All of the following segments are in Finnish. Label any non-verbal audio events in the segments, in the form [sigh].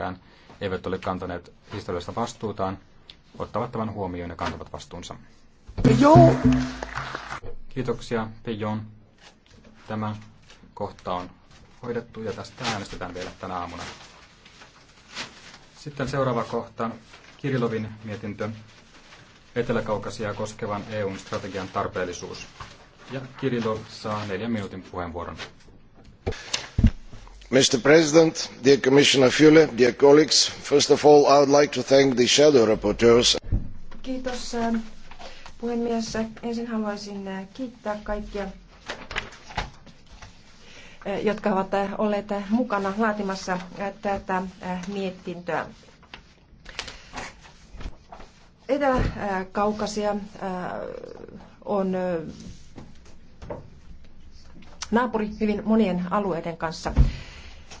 myöskään eivät ole kantaneet historiallista vastuutaan, ottavat tämän huomioon ja kantavat vastuunsa. Pijon! Kiitoksia, Pijon. Tämä kohta on hoidettu ja tästä äänestetään vielä tänä aamuna. Sitten seuraava kohta, Kirilovin mietintö, Etelä-Kaukasia koskevan EUn strategian tarpeellisuus. Ja Kirilov saa neljän minuutin puheenvuoron mr president dear commissioner fle dear colleagues first of all i would like to thank the shadow rapporteurs. Kiitos ähm, puhemies. Ensin haluaisin äh, kiittää kaikkia, äh, jotka ovat äh, olleet mukana laatimassa tätä mietintöä. Etelä-Kaukasia on naapuri hyvin monien alueiden kanssa.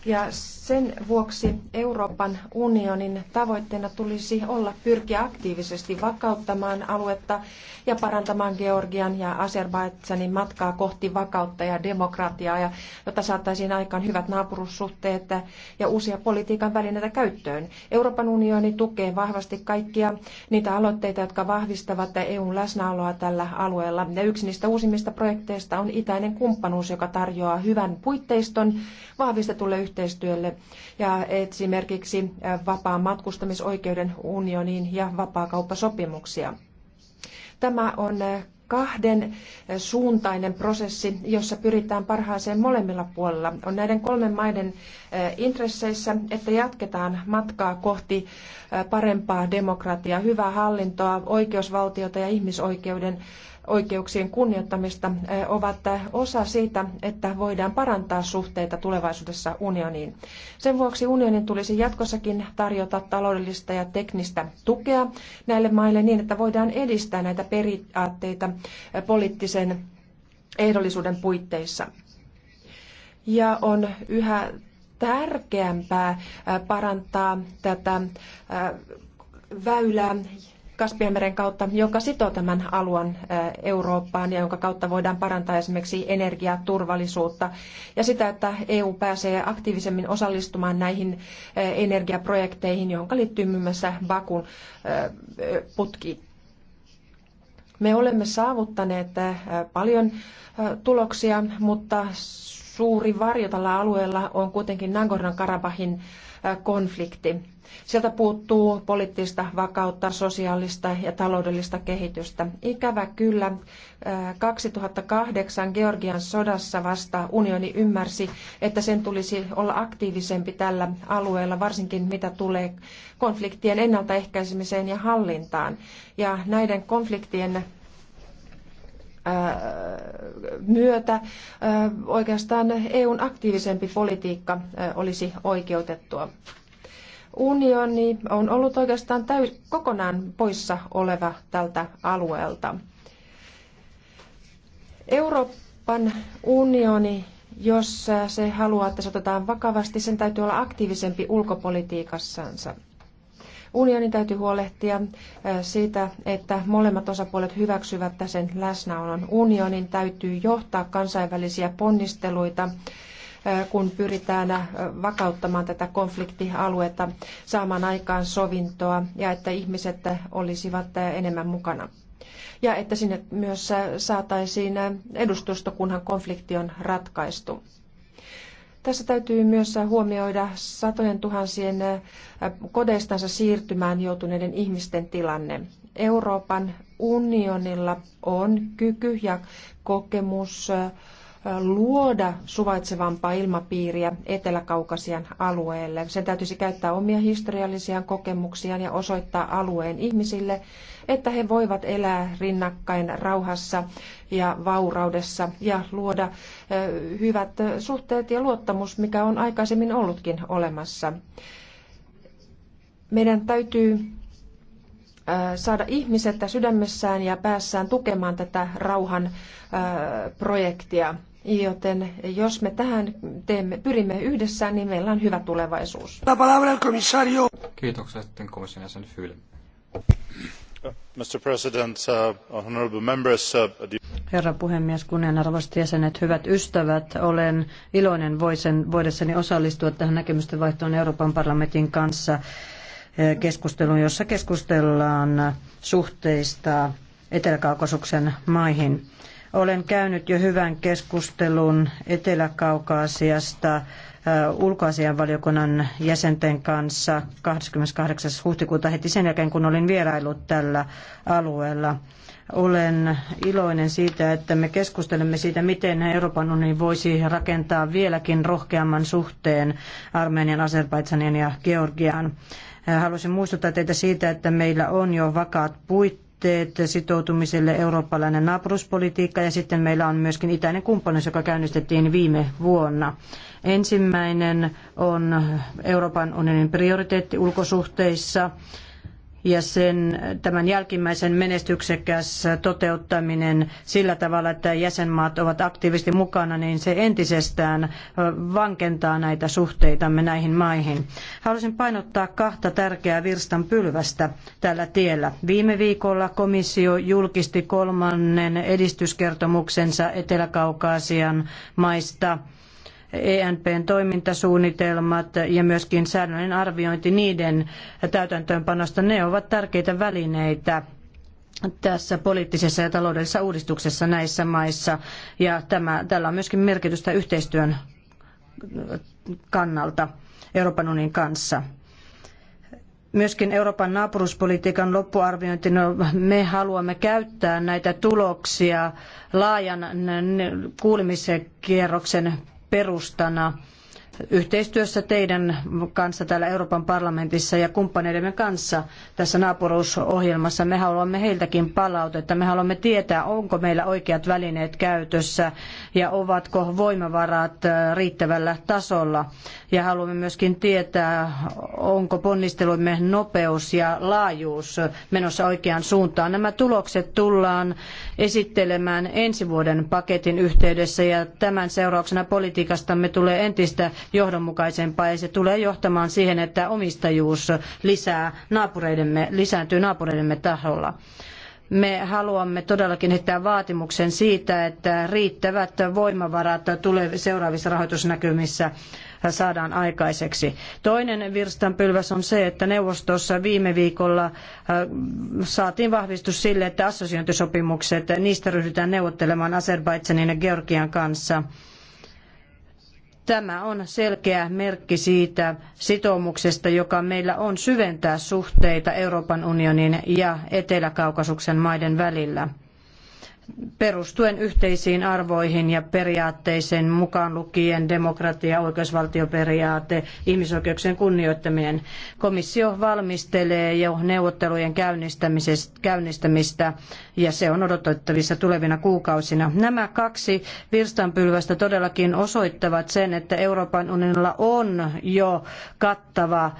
Ja sen vuoksi Euroopan unionin tavoitteena tulisi olla pyrkiä aktiivisesti vakauttamaan aluetta ja parantamaan Georgian ja Azerbaidsanin matkaa kohti vakautta ja demokratiaa, ja, jotta saataisiin aikaan hyvät naapurussuhteet ja uusia politiikan välineitä käyttöön. Euroopan unioni tukee vahvasti kaikkia niitä aloitteita, jotka vahvistavat EUn läsnäoloa tällä alueella. Ja yksi niistä uusimmista projekteista on itäinen kumppanuus, joka tarjoaa hyvän puitteiston vahvistetulle yhteistyölle yhteistyölle ja esimerkiksi vapaan matkustamisoikeuden unioniin ja vapaakauppasopimuksia. Tämä on kahden suuntainen prosessi, jossa pyritään parhaaseen molemmilla puolilla. On näiden kolmen maiden Eh, intresseissä, että jatketaan matkaa kohti eh, parempaa demokratiaa, hyvää hallintoa, oikeusvaltiota ja ihmisoikeuden oikeuksien kunnioittamista eh, ovat osa siitä, että voidaan parantaa suhteita tulevaisuudessa unioniin. Sen vuoksi unionin tulisi jatkossakin tarjota taloudellista ja teknistä tukea näille maille niin, että voidaan edistää näitä periaatteita poliittisen ehdollisuuden puitteissa. Ja on yhä tärkeämpää parantaa tätä väylää Kaspianmeren kautta, joka sitoo tämän alueen Eurooppaan ja jonka kautta voidaan parantaa esimerkiksi energiaturvallisuutta ja sitä, että EU pääsee aktiivisemmin osallistumaan näihin energiaprojekteihin, johon liittyy muun muassa Bakun putki. Me olemme saavuttaneet paljon tuloksia, mutta suuri varjo tällä alueella on kuitenkin Nagorno-Karabahin konflikti. Sieltä puuttuu poliittista vakautta, sosiaalista ja taloudellista kehitystä. Ikävä kyllä 2008 Georgian sodassa vasta unioni ymmärsi, että sen tulisi olla aktiivisempi tällä alueella, varsinkin mitä tulee konfliktien ennaltaehkäisemiseen ja hallintaan. Ja näiden konfliktien Äh, myötä äh, oikeastaan EUn aktiivisempi politiikka äh, olisi oikeutettua. Unioni on ollut oikeastaan täys, kokonaan poissa oleva tältä alueelta. Euroopan unioni, jos se haluaa, että se otetaan vakavasti, sen täytyy olla aktiivisempi ulkopolitiikassansa. Unionin täytyy huolehtia siitä, että molemmat osapuolet hyväksyvät sen läsnäolon. Unionin täytyy johtaa kansainvälisiä ponnisteluita kun pyritään vakauttamaan tätä konfliktialuetta, saamaan aikaan sovintoa ja että ihmiset olisivat enemmän mukana. Ja että sinne myös saataisiin edustusto, kunhan konflikti on ratkaistu. Tässä täytyy myös huomioida satojen tuhansien äh, kodeistansa siirtymään joutuneiden ihmisten tilanne. Euroopan unionilla on kyky ja kokemus äh, luoda suvaitsevampaa ilmapiiriä Etelä-Kaukasian alueelle. Sen täytyisi käyttää omia historiallisia kokemuksiaan ja osoittaa alueen ihmisille, että he voivat elää rinnakkain rauhassa ja vauraudessa ja luoda hyvät suhteet ja luottamus, mikä on aikaisemmin ollutkin olemassa. Meidän täytyy saada ihmiset sydämessään ja päässään tukemaan tätä rauhan projektia. Joten jos me tähän teemme, pyrimme yhdessä, niin meillä on hyvä tulevaisuus. La palabra al comisario. Kiitoksia että komission jäsen Fyle. Uh, uh, herra puhemies kunnianarvoisat jäsenet hyvät ystävät olen iloinen voidessani osallistua tähän näkemysten vaihtoon euroopan parlamentin kanssa eh, keskusteluun jossa keskustellaan suhteista etelä kaukasuksen maihin. olen käynyt jo hyvän keskustelun etelä kaukaasiasta ulkoasianvaliokunnan jäsenten kanssa 28. huhtikuuta heti sen jälkeen, kun olin vierailut tällä alueella. Olen iloinen siitä, että me keskustelemme siitä, miten Euroopan unioni voisi rakentaa vieläkin rohkeamman suhteen Armenian, Azerbaidsanin ja Georgian. Haluaisin muistuttaa teitä siitä, että meillä on jo vakaat puitteet puitteet sitoutumiselle eurooppalainen naapuruspolitiikka ja sitten meillä on myöskin itäinen kumppanuus, joka käynnistettiin viime vuonna. Ensimmäinen on Euroopan unionin prioriteetti ulkosuhteissa ja sen, tämän jälkimmäisen menestyksekäs toteuttaminen sillä tavalla, että jäsenmaat ovat aktiivisesti mukana, niin se entisestään vankentaa näitä suhteitamme näihin maihin. Haluaisin painottaa kahta tärkeää virstanpylvästä tällä tiellä. Viime viikolla komissio julkisti kolmannen edistyskertomuksensa Etelä-Kaukaasian maista – ENPn toimintasuunnitelmat ja myöskin säännöllinen arviointi niiden täytäntöönpanosta, ne ovat tärkeitä välineitä tässä poliittisessa ja taloudellisessa uudistuksessa näissä maissa. Ja tämä, tällä on myöskin merkitystä yhteistyön kannalta Euroopan unionin kanssa. Myöskin Euroopan naapuruspolitiikan loppuarviointi, no, me haluamme käyttää näitä tuloksia laajan kuulemiskierroksen perustana yhteistyössä teidän kanssa täällä Euroopan parlamentissa ja kumppaneidemme kanssa tässä naapuruusohjelmassa. Me haluamme heiltäkin palautetta. Me haluamme tietää, onko meillä oikeat välineet käytössä ja ovatko voimavarat äh, riittävällä tasolla. Ja haluamme myöskin tietää, onko ponnistelumme nopeus ja laajuus menossa oikeaan suuntaan. Nämä tulokset tullaan esittelemään ensi vuoden paketin yhteydessä ja tämän seurauksena politiikastamme tulee entistä johdonmukaisempaa ja se tulee johtamaan siihen, että omistajuus lisää naapureidemme, lisääntyy naapureidemme taholla. Me haluamme todellakin heittää vaatimuksen siitä, että riittävät voimavarat tulee seuraavissa rahoitusnäkymissä saadaan aikaiseksi. Toinen virstanpylväs on se, että neuvostossa viime viikolla äh, saatiin vahvistus sille, että assosiointisopimukset, niistä ryhdytään neuvottelemaan Azerbaidsanin ja Georgian kanssa – Tämä on selkeä merkki siitä sitoumuksesta, joka meillä on syventää suhteita Euroopan unionin ja Etelä-Kaukasuksen maiden välillä perustuen yhteisiin arvoihin ja periaatteisiin mukaan lukien demokratia, oikeusvaltioperiaate, ihmisoikeuksien kunnioittaminen. Komissio valmistelee jo neuvottelujen käynnistämistä ja se on odotettavissa tulevina kuukausina. Nämä kaksi virstanpylvästä todellakin osoittavat sen, että Euroopan unionilla on jo kattava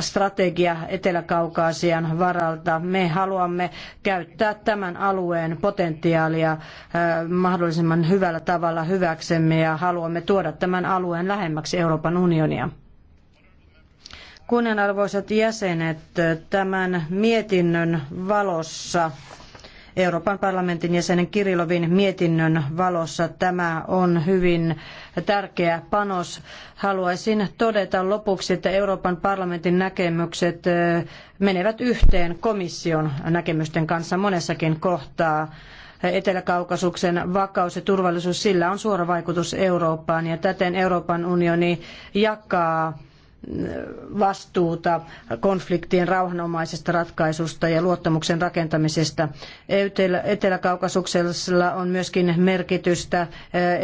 strategia Etelä-Kaukaasian varalta. Me haluamme käyttää tämän alueen potentiaalia mahdollisimman hyvällä tavalla hyväksemme ja haluamme tuoda tämän alueen lähemmäksi Euroopan unionia. Kunnianarvoisat jäsenet, tämän mietinnön valossa Euroopan parlamentin jäsenen Kirilovin mietinnön valossa. Tämä on hyvin tärkeä panos. Haluaisin todeta lopuksi, että Euroopan parlamentin näkemykset menevät yhteen komission näkemysten kanssa monessakin kohtaa. Etelä-Kaukasuksen vakaus ja turvallisuus, sillä on suora vaikutus Eurooppaan ja täten Euroopan unioni jakaa vastuuta konfliktien rauhanomaisesta ratkaisusta ja luottamuksen rakentamisesta. Etelä-Kaukasuksella on myöskin merkitystä eh,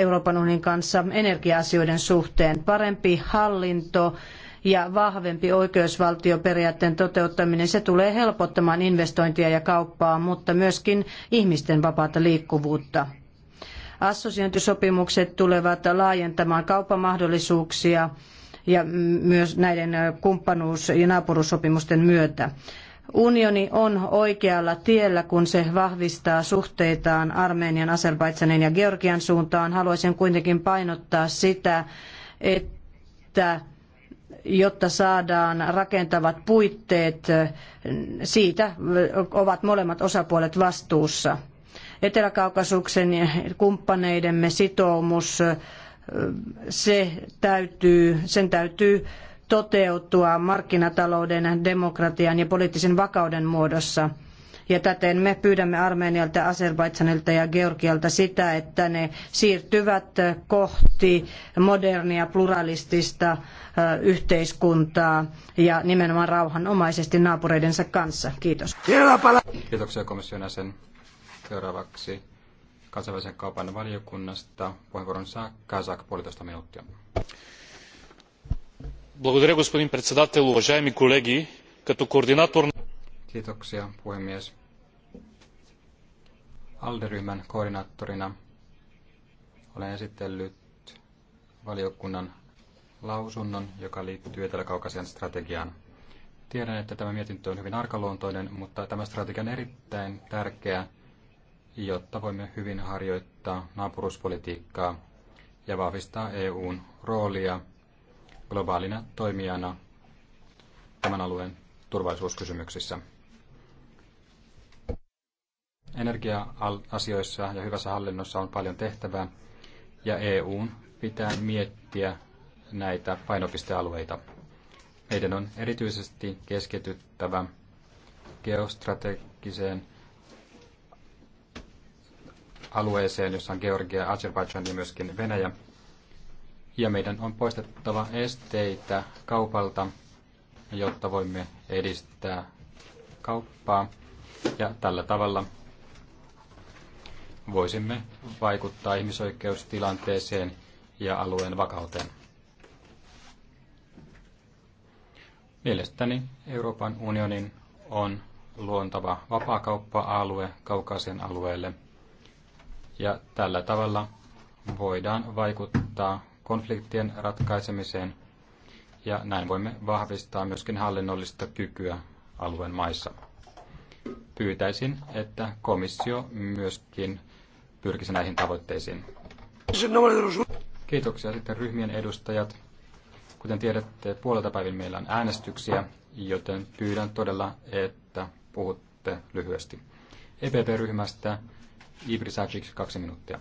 Euroopan unionin kanssa energia-asioiden suhteen. Parempi hallinto ja vahvempi oikeusvaltioperiaatteen toteuttaminen, se tulee helpottamaan investointia ja kauppaa, mutta myöskin ihmisten vapaata liikkuvuutta. Assosiointisopimukset tulevat laajentamaan kauppamahdollisuuksia mahdollisuuksia ja myös näiden kumppanuus- ja naapuruussopimusten myötä. Unioni on oikealla tiellä, kun se vahvistaa suhteitaan Armenian, Azerbaidsanin ja Georgian suuntaan. Haluaisin kuitenkin painottaa sitä, että jotta saadaan rakentavat puitteet, siitä ovat molemmat osapuolet vastuussa. Etelä-Kaukasuksen kumppaneidemme sitoumus se täytyy, sen täytyy toteutua markkinatalouden, demokratian ja poliittisen vakauden muodossa. Ja täten me pyydämme Armenialta, Azerbaidsanilta ja Georgialta sitä, että ne siirtyvät kohti modernia pluralistista yhteiskuntaa ja nimenomaan rauhanomaisesti naapureidensa kanssa. Kiitos. Kiitoksia komission jäsen. Seuraavaksi kansainvälisen kaupan valiokunnasta. Puheenvuoron saa Kazak puolitoista minuuttia. Благодаря, господин председател, уважаеми колеги. Като координатор... Kiitoksia, puhemies. Alderyhmän koordinaattorina olen esitellyt valiokunnan lausunnon, joka liittyy Etelä-Kaukasian strategiaan. Tiedän, että tämä mietintö on hyvin arkaluontoinen, mutta tämä strategia on erittäin tärkeä jotta voimme hyvin harjoittaa naapuruspolitiikkaa ja vahvistaa EUn roolia globaalina toimijana tämän alueen turvallisuuskysymyksissä. Energia-asioissa ja hyvässä hallinnossa on paljon tehtävää, ja EUn pitää miettiä näitä painopistealueita. Meidän on erityisesti keskityttävä geostrategiseen alueeseen, jossa on Georgia, Azerbaijan ja myöskin Venäjä. Ja meidän on poistettava esteitä kaupalta, jotta voimme edistää kauppaa. Ja tällä tavalla voisimme vaikuttaa ihmisoikeustilanteeseen ja alueen vakauteen. Mielestäni Euroopan unionin on luontava vapaakauppa-alue Kaukasian alueelle – ja tällä tavalla voidaan vaikuttaa konfliktien ratkaisemiseen ja näin voimme vahvistaa myöskin hallinnollista kykyä alueen maissa. Pyytäisin, että komissio myöskin pyrkisi näihin tavoitteisiin. Kiitoksia sitten ryhmien edustajat. Kuten tiedätte, puolelta päivin meillä on äänestyksiä, joten pyydän todella, että puhutte lyhyesti. EPP-ryhmästä Ibris Acic, kaksi minuuttia.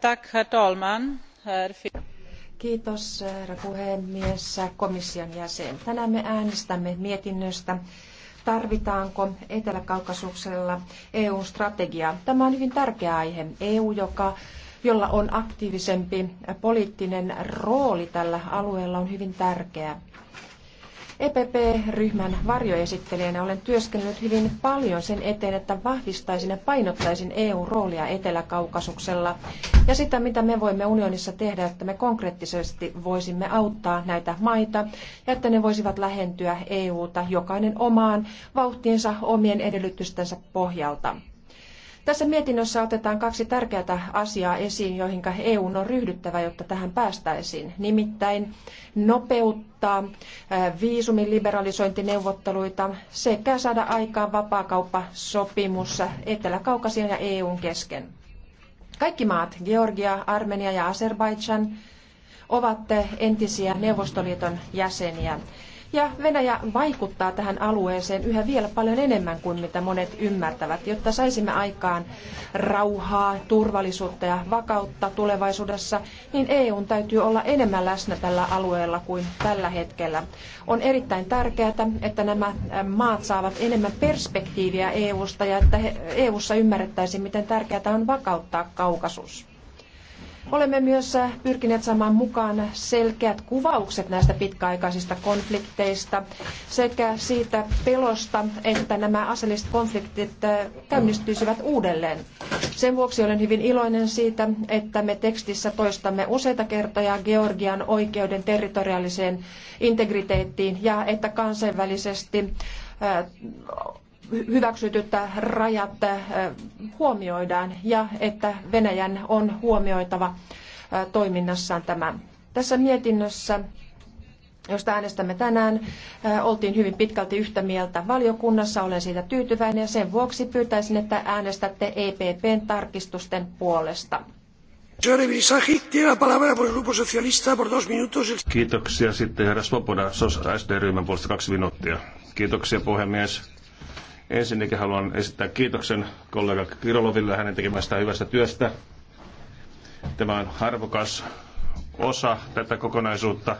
Tack, herr talman. Kiitos, herra puhemies, komission jäsen. Tänään me äänestämme mietinnöstä tarvitaanko Etelä-Kaukasuksella EU-strategia. Tämä on hyvin tärkeä aihe. EU, joka, jolla on aktiivisempi poliittinen rooli tällä alueella, on hyvin tärkeä. EPP-ryhmän varjoesittelijänä olen työskennellyt hyvin paljon sen eteen, että vahvistaisin ja painottaisin EU roolia Etelä-Kaukasuksella ja sitä, mitä me voimme unionissa tehdä, että me konkreettisesti voisimme auttaa näitä maita ja että ne voisivat lähentyä e ta jokainen omaan vauhtiinsa omien edellytystensä pohjalta. Tässä mietinnössä otetaan kaksi tärkeää asiaa esiin, joihin EU on ryhdyttävä, jotta tähän päästäisiin. Nimittäin nopeuttaa viisumin liberalisointineuvotteluita sekä saada aikaan vapaakauppasopimus Etelä-Kaukasian ja EUn kesken. Kaikki maat, Georgia, Armenia ja Azerbaidžan ovat entisiä Neuvostoliiton jäseniä ja Venäjä vaikuttaa tähän alueeseen yhä vielä paljon enemmän kuin mitä monet ymmärtävät, jotta saisimme aikaan rauhaa, turvallisuutta ja vakautta tulevaisuudessa, niin EUn täytyy olla enemmän läsnä tällä alueella kuin tällä hetkellä. On erittäin tärkeää, että nämä maat saavat enemmän perspektiiviä EUsta ja että EUssa ymmärrettäisiin, miten tärkeää on vakauttaa kaukasus. Olemme myös pyrkineet saamaan mukaan selkeät kuvaukset näistä pitkäaikaisista konflikteista sekä siitä pelosta, että nämä aseelliset konfliktit äh, käynnistyisivät uudelleen. Sen vuoksi olen hyvin iloinen siitä, että me tekstissä toistamme useita kertoja Georgian oikeuden territoriaaliseen integriteettiin ja että kansainvälisesti äh, hyväksytyt rajat eh, huomioidaan ja että Venäjän on huomioitava eh, toiminnassaan tämä. Tässä mietinnössä josta äänestämme tänään, eh, oltiin hyvin pitkälti yhtä mieltä valiokunnassa. Olen siitä tyytyväinen ja sen vuoksi pyytäisin, että äänestätte EPPn tarkistusten puolesta. Kiitoksia sitten herra Svoboda, SDR-ryhmän puolesta kaksi minuuttia. Kiitoksia puhemies Ensinnäkin haluan esittää kiitoksen kollega Kiroloville hänen tekemästään hyvästä työstä. Tämä on harvokas osa tätä kokonaisuutta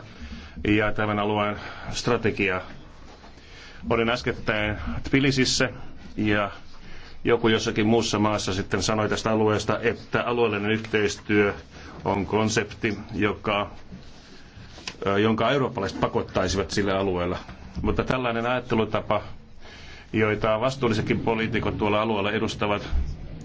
ja tämän alueen strategiaa. Olin äskettäin Tbilisissä ja joku jossakin muussa maassa sitten sanoi tästä alueesta, että alueellinen yhteistyö on konsepti, joka, jonka eurooppalaiset pakottaisivat sillä alueella. Mutta tällainen ajattelutapa joita vastuullisetkin poliitikot tuolla alueella edustavat,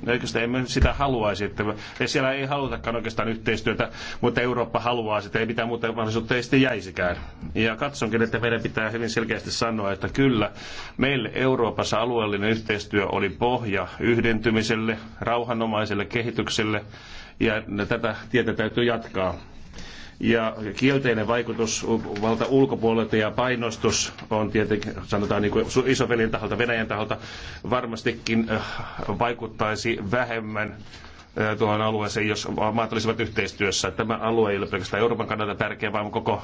oikeastaan emme sitä haluaisi. Että siellä ei halutakaan oikeastaan yhteistyötä, mutta Eurooppa haluaa sitä, ei mitään muuta mahdollisuutta ei sitten jäisikään. Ja katsonkin, että meidän pitää hyvin selkeästi sanoa, että kyllä, meille Euroopassa alueellinen yhteistyö oli pohja yhdentymiselle, rauhanomaiselle kehitykselle, ja tätä tietä täytyy jatkaa. Ja kielteinen vaikutus valta ulkopuolelta ja painostus on tietenkin, sanotaan niin kuin taholta, Venäjän taholta, varmastikin äh, vaikuttaisi vähemmän äh, tuohon alueeseen, jos maat olisivat yhteistyössä. Tämä alue ei ole pelkästään Euroopan kannalta tärkeä, vaan koko,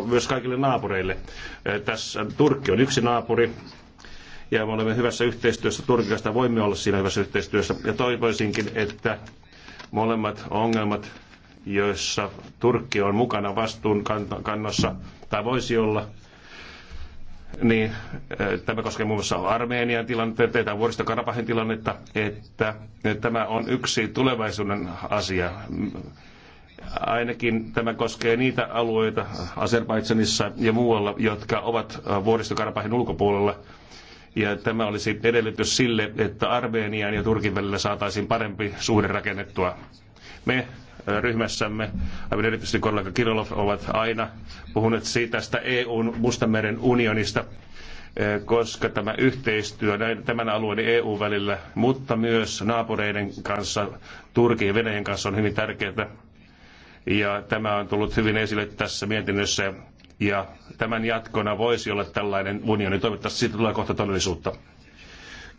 äh, myös kaikille naapureille. Tässä Turkki on yksi naapuri, ja me olemme hyvässä yhteistyössä Turkista, voimme olla siinä hyvässä yhteistyössä. Ja toivoisinkin, että molemmat ongelmat joissa Turkki on mukana vastuunkannossa tai voisi olla, niin eh, tämä koskee muun muassa Armeenian tilannetta tai karapahin tilannetta, että tämä on yksi tulevaisuuden asia. Ainakin tämä koskee niitä alueita Azerbaidsanissa ja muualla, jotka ovat karapahin ulkopuolella. Ja tämä olisi edellytys sille, että Armeenian ja Turkin välillä saataisiin parempi suhde rakennettua. Me äh, ryhmässämme, aivan erityisesti kollega Kirilov, ovat aina puhuneet siitä tästä EUn Mustanmeren unionista, äh, koska tämä yhteistyö tämän alueen EU-välillä, mutta myös naapureiden kanssa, Turkin ja Venäjän kanssa on hyvin tärkeää. Ja tämä on tullut hyvin esille tässä mietinnössä ja tämän jatkona voisi olla tällainen unioni. Toivottavasti siitä tulee kohta todellisuutta.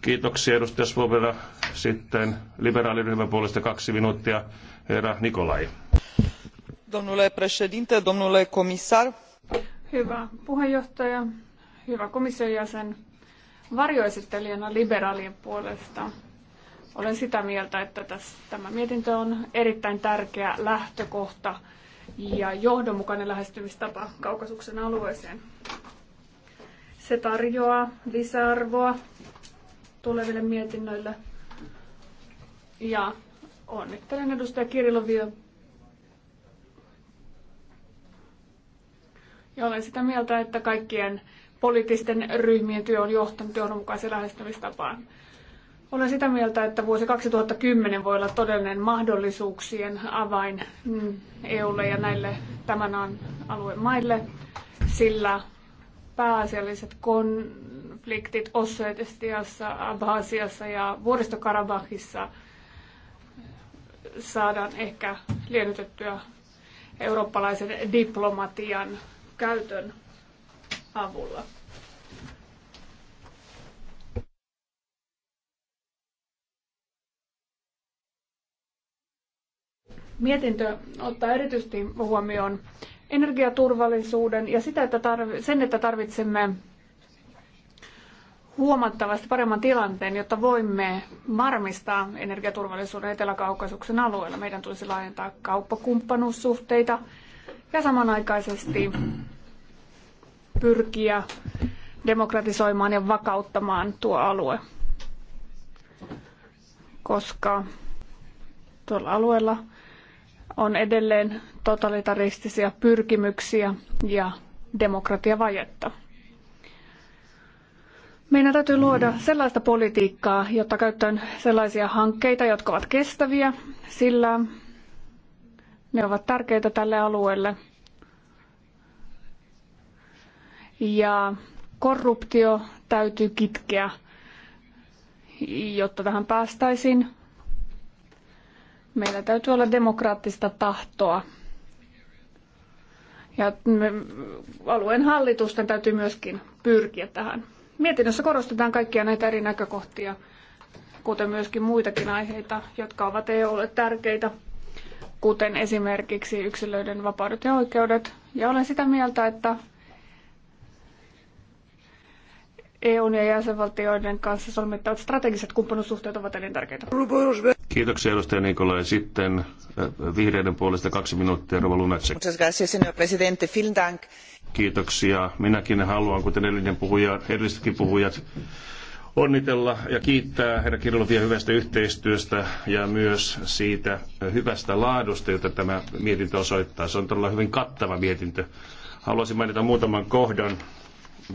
Kiitoksia edustaja Svobera. Sitten liberaaliryhmän puolesta kaksi minuuttia. Herra Nikolai. Domnule președinte, domnule comisar. Hyvä puheenjohtaja, hyvä komission jäsen. Varjoesittelijänä liberaalien puolesta olen sitä mieltä, että tämä mietintö on erittäin tärkeä lähtökohta ja johdonmukainen lähestymistapa kaukasuksen alueeseen. Se tarjoaa lisäarvoa tuleville mietinnöille ja Onnittelen edustaja Kirilovia. Ja olen sitä mieltä, että kaikkien poliittisten ryhmien työ on johtanut johdonmukaisen lähestymistapaan. Olen sitä mieltä, että vuosi 2010 voi olla todellinen mahdollisuuksien avain mm, EUlle ja näille tämän alueen maille, sillä pääasialliset konfliktit Ossetiassa, Abhasiassa ja Vuoristokarabahissa – saadaan ehkä liennytettyä eurooppalaisen diplomatian käytön avulla. Mietintö ottaa erityisesti huomioon energiaturvallisuuden ja sitä, että sen, että tarvitsemme huomattavasti paremman tilanteen, jotta voimme varmistaa energiaturvallisuuden Etelä-Kaukasuksen alueella. Meidän tulisi laajentaa kauppakumppanuussuhteita ja samanaikaisesti pyrkiä demokratisoimaan ja vakauttamaan tuo alue, koska tuolla alueella on edelleen totalitaristisia pyrkimyksiä ja demokratiavajetta. Meidän täytyy luoda sellaista politiikkaa, jotta käyttöön sellaisia hankkeita, jotka ovat kestäviä, sillä ne ovat tärkeitä tälle alueelle. Ja korruptio täytyy kitkeä, jotta tähän päästäisiin. Meillä täytyy olla demokraattista tahtoa. Ja alueen hallitusten täytyy myöskin pyrkiä tähän. Mietinnössä korostetaan kaikkia näitä eri näkökohtia, kuten myöskin muitakin aiheita, jotka ovat EUlle tärkeitä, kuten esimerkiksi yksilöiden vapaudet ja oikeudet. Ja olen sitä mieltä, että EUn ja jäsenvaltioiden kanssa solmittavat strategiset kumppanuussuhteet ovat elintärkeitä. Kiitoksia edustaja ja Sitten äh, vihreiden puolesta kaksi minuuttia, Rova Lunacek. Kiitoksia. Minäkin haluan, kuten edellinen puhuja, edellisetkin puhujat, onnitella ja kiittää herra Kirilovia hyvästä yhteistyöstä ja myös siitä hyvästä laadusta, jota tämä mietintö osoittaa. Se on todella hyvin kattava mietintö. Haluaisin mainita muutaman kohdan,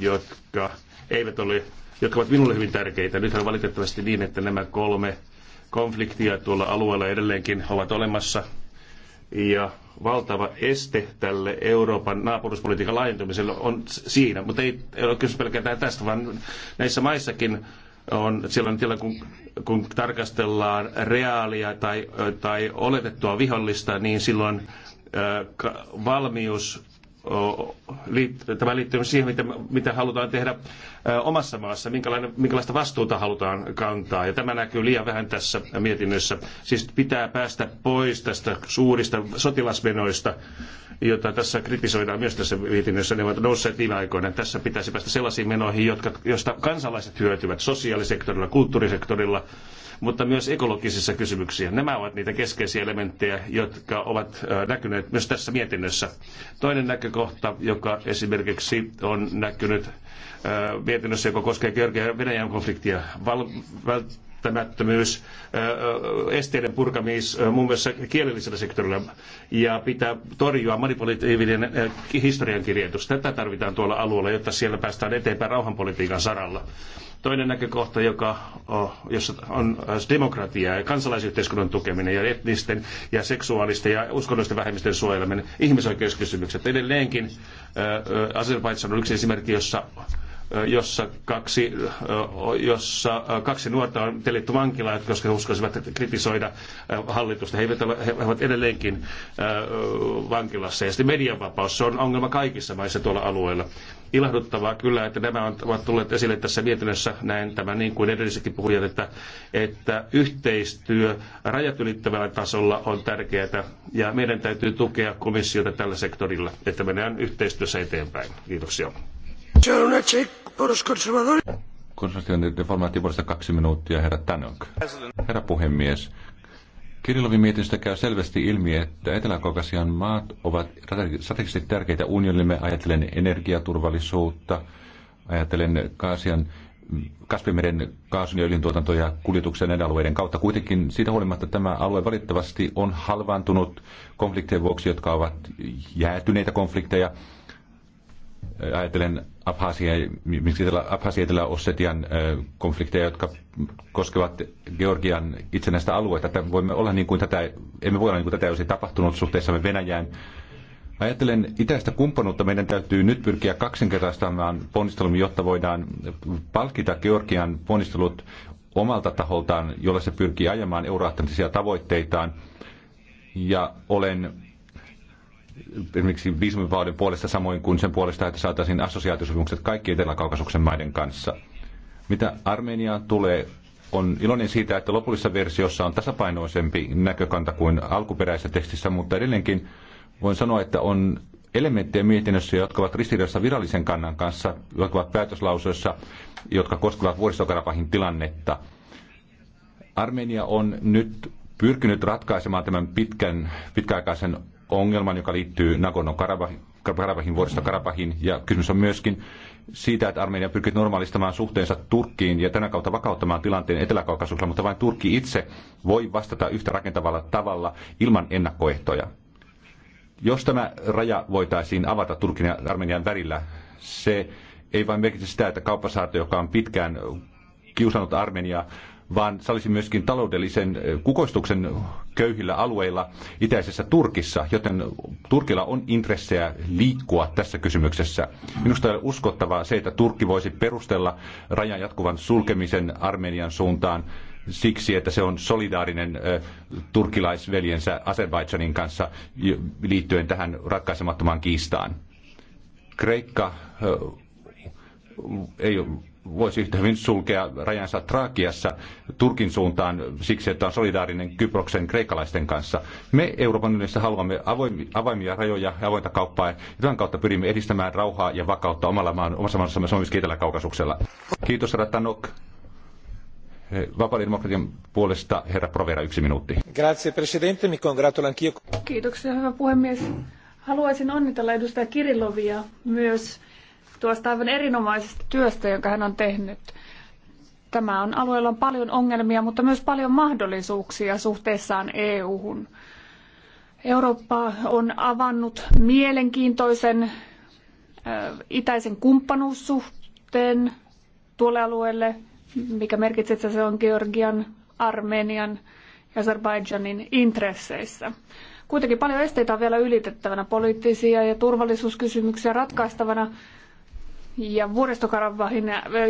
jotka eivät ole jotka ovat minulle hyvin tärkeitä. Nyt on valitettavasti niin, että nämä kolme konfliktia tuolla alueella edelleenkin ovat olemassa. Ja valtava este tälle Euroopan naapuruspolitiikan laajentumiselle on siinä, mutta ei, ei ole kysymys pelkästään tästä, vaan näissä maissakin on silloin tila, kun, kun tarkastellaan reaalia tai, tai oletettua vihollista, niin silloin valmius tämä liittyy siihen, mitä, mitä halutaan tehdä omassa maassa, minkälaista vastuuta halutaan kantaa. Ja tämä näkyy liian vähän tässä mietinnössä. Siis pitää päästä pois tästä suurista sotilasmenoista, jota tässä kritisoidaan myös tässä mietinnössä. Ne ovat nousseet viime aikoina. Tässä pitäisi päästä sellaisiin menoihin, jotka, joista kansalaiset hyötyvät sosiaalisektorilla, kulttuurisektorilla mutta myös ekologisissa kysymyksissä. Nämä ovat niitä keskeisiä elementtejä, jotka ovat näkyneet myös tässä mietinnössä. Toinen näkökohta, joka esimerkiksi on näkynyt mietinnössä, joka koskee Georgian ja Venäjän konfliktia, val- välttämättömyys, esteiden purkamis muun muassa kielellisellä sektorilla ja pitää torjua manipulatiivinen historiankirjoitus. Tätä tarvitaan tuolla alueella, jotta siellä päästään eteenpäin rauhanpolitiikan saralla. Toinen näkökohta, joka on, jossa on demokratia ja kansalaisyhteiskunnan tukeminen ja etnisten ja seksuaalisten ja uskonnollisten vähemmistöjen suojeleminen, ihmisoikeuskysymykset. Edelleenkin Azerbaidžan on yksi esimerkki, jossa jossa kaksi, jossa kaksi nuorta on telitty vankilaan, koska he uskoisivat kritisoida hallitusta. He, ole, he ovat edelleenkin vankilassa. Ja sitten medianvapaus, se on ongelma kaikissa maissa tuolla alueella ilahduttavaa kyllä, että nämä ovat tulleet esille tässä mietinnössä, näin tämä niin kuin edellisetkin puhujat, että, että yhteistyö rajat ylittävällä tasolla on tärkeää ja meidän täytyy tukea komissiota tällä sektorilla, että mennään yhteistyössä eteenpäin. Kiitoksia. Konservatiivinen deformaatio kaksi minuuttia, herra Tanok. Herra puhemies, Kirilovin mietinnöstä käy selvästi ilmi, että Etelä-Kaukasian maat ovat strategisesti tärkeitä unionille. Ajattelen energiaturvallisuutta, ajattelen Kaasian kasvimeren kaasun ja öljyntuotanto ja kuljetuksen näiden alueiden kautta. Kuitenkin siitä huolimatta tämä alue valitettavasti on halvaantunut konfliktien vuoksi, jotka ovat jäätyneitä konflikteja ajattelen Abhasia, Abhasia Etelä-Ossetian konflikteja, jotka koskevat Georgian itsenäistä aluetta. Että voimme olla niin kuin tätä, emme voi olla niin kuin tätä, jos ei tapahtunut suhteessamme Venäjään. Ajattelen itäistä kumppanuutta, meidän täytyy nyt pyrkiä kaksinkertaistamaan ponnistelumme, jotta voidaan palkita Georgian ponnistelut omalta taholtaan, jolla se pyrkii ajamaan euroatlanttisia tavoitteitaan. Ja olen esimerkiksi viisumivapauden puolesta samoin kuin sen puolesta, että saataisiin assosiaatiosopimukset kaikki Etelä-Kaukasuksen maiden kanssa. Mitä Armeniaan tulee, on iloinen siitä, että lopullisessa versiossa on tasapainoisempi näkökanta kuin alkuperäisessä tekstissä, mutta edelleenkin voin sanoa, että on elementtejä mietinnössä, jotka ovat ristiriidassa virallisen kannan kanssa, jotka ovat päätöslausoissa, jotka koskevat vuoristokarapahin tilannetta. Armenia on nyt pyrkinyt ratkaisemaan tämän pitkän, pitkäaikaisen ongelman, joka liittyy Nagorno-Karabahin, vuodesta Karabahin, ja kysymys on myöskin siitä, että Armenia pyrkii normaalistamaan suhteensa Turkkiin ja tänä kautta vakauttamaan tilanteen etelä mutta vain Turkki itse voi vastata yhtä rakentavalla tavalla ilman ennakkoehtoja. Jos tämä raja voitaisiin avata Turkin ja Armenian välillä, se ei vain merkitse sitä, että kauppasaarto, joka on pitkään kiusannut Armeniaa, vaan se olisi myöskin taloudellisen kukoistuksen köyhillä alueilla itäisessä Turkissa, joten Turkilla on intressejä liikkua tässä kysymyksessä. Minusta on uskottavaa se, että Turkki voisi perustella rajan jatkuvan sulkemisen Armenian suuntaan siksi, että se on solidaarinen turkilaisveljensä Azerbaidžanin kanssa liittyen tähän ratkaisemattomaan kiistaan. Kreikka ei voisi yhtä hyvin sulkea rajansa Traakiassa Turkin suuntaan siksi, että on solidaarinen Kyproksen kreikkalaisten kanssa. Me Euroopan unionissa haluamme avoimia rajoja ja avointa kauppaa, ja tämän kautta pyrimme edistämään rauhaa ja vakautta omalla maan, omassa maassamme Suomessa Etelä-Kaukasuksella. Kiitos, Ratanok. Vapaiden demokratian puolesta herra Provera, yksi minuutti. Grazie, presidente. Mi congratulan Kiitoksia, hyvä puhemies. Haluaisin onnitella edustaja Kirilovia myös tuosta aivan erinomaisesta työstä, jonka hän on tehnyt. Tämä on alueella on paljon ongelmia, mutta myös paljon mahdollisuuksia suhteessaan EU-hun. Eurooppa on avannut mielenkiintoisen itäisen kumppanuussuhteen tuolle alueelle, mikä merkitsee, että se on Georgian, Armenian ja Azerbaidžanin intresseissä. Kuitenkin paljon esteitä on vielä ylitettävänä, poliittisia ja turvallisuuskysymyksiä ratkaistavana, ja vuoristokarabahin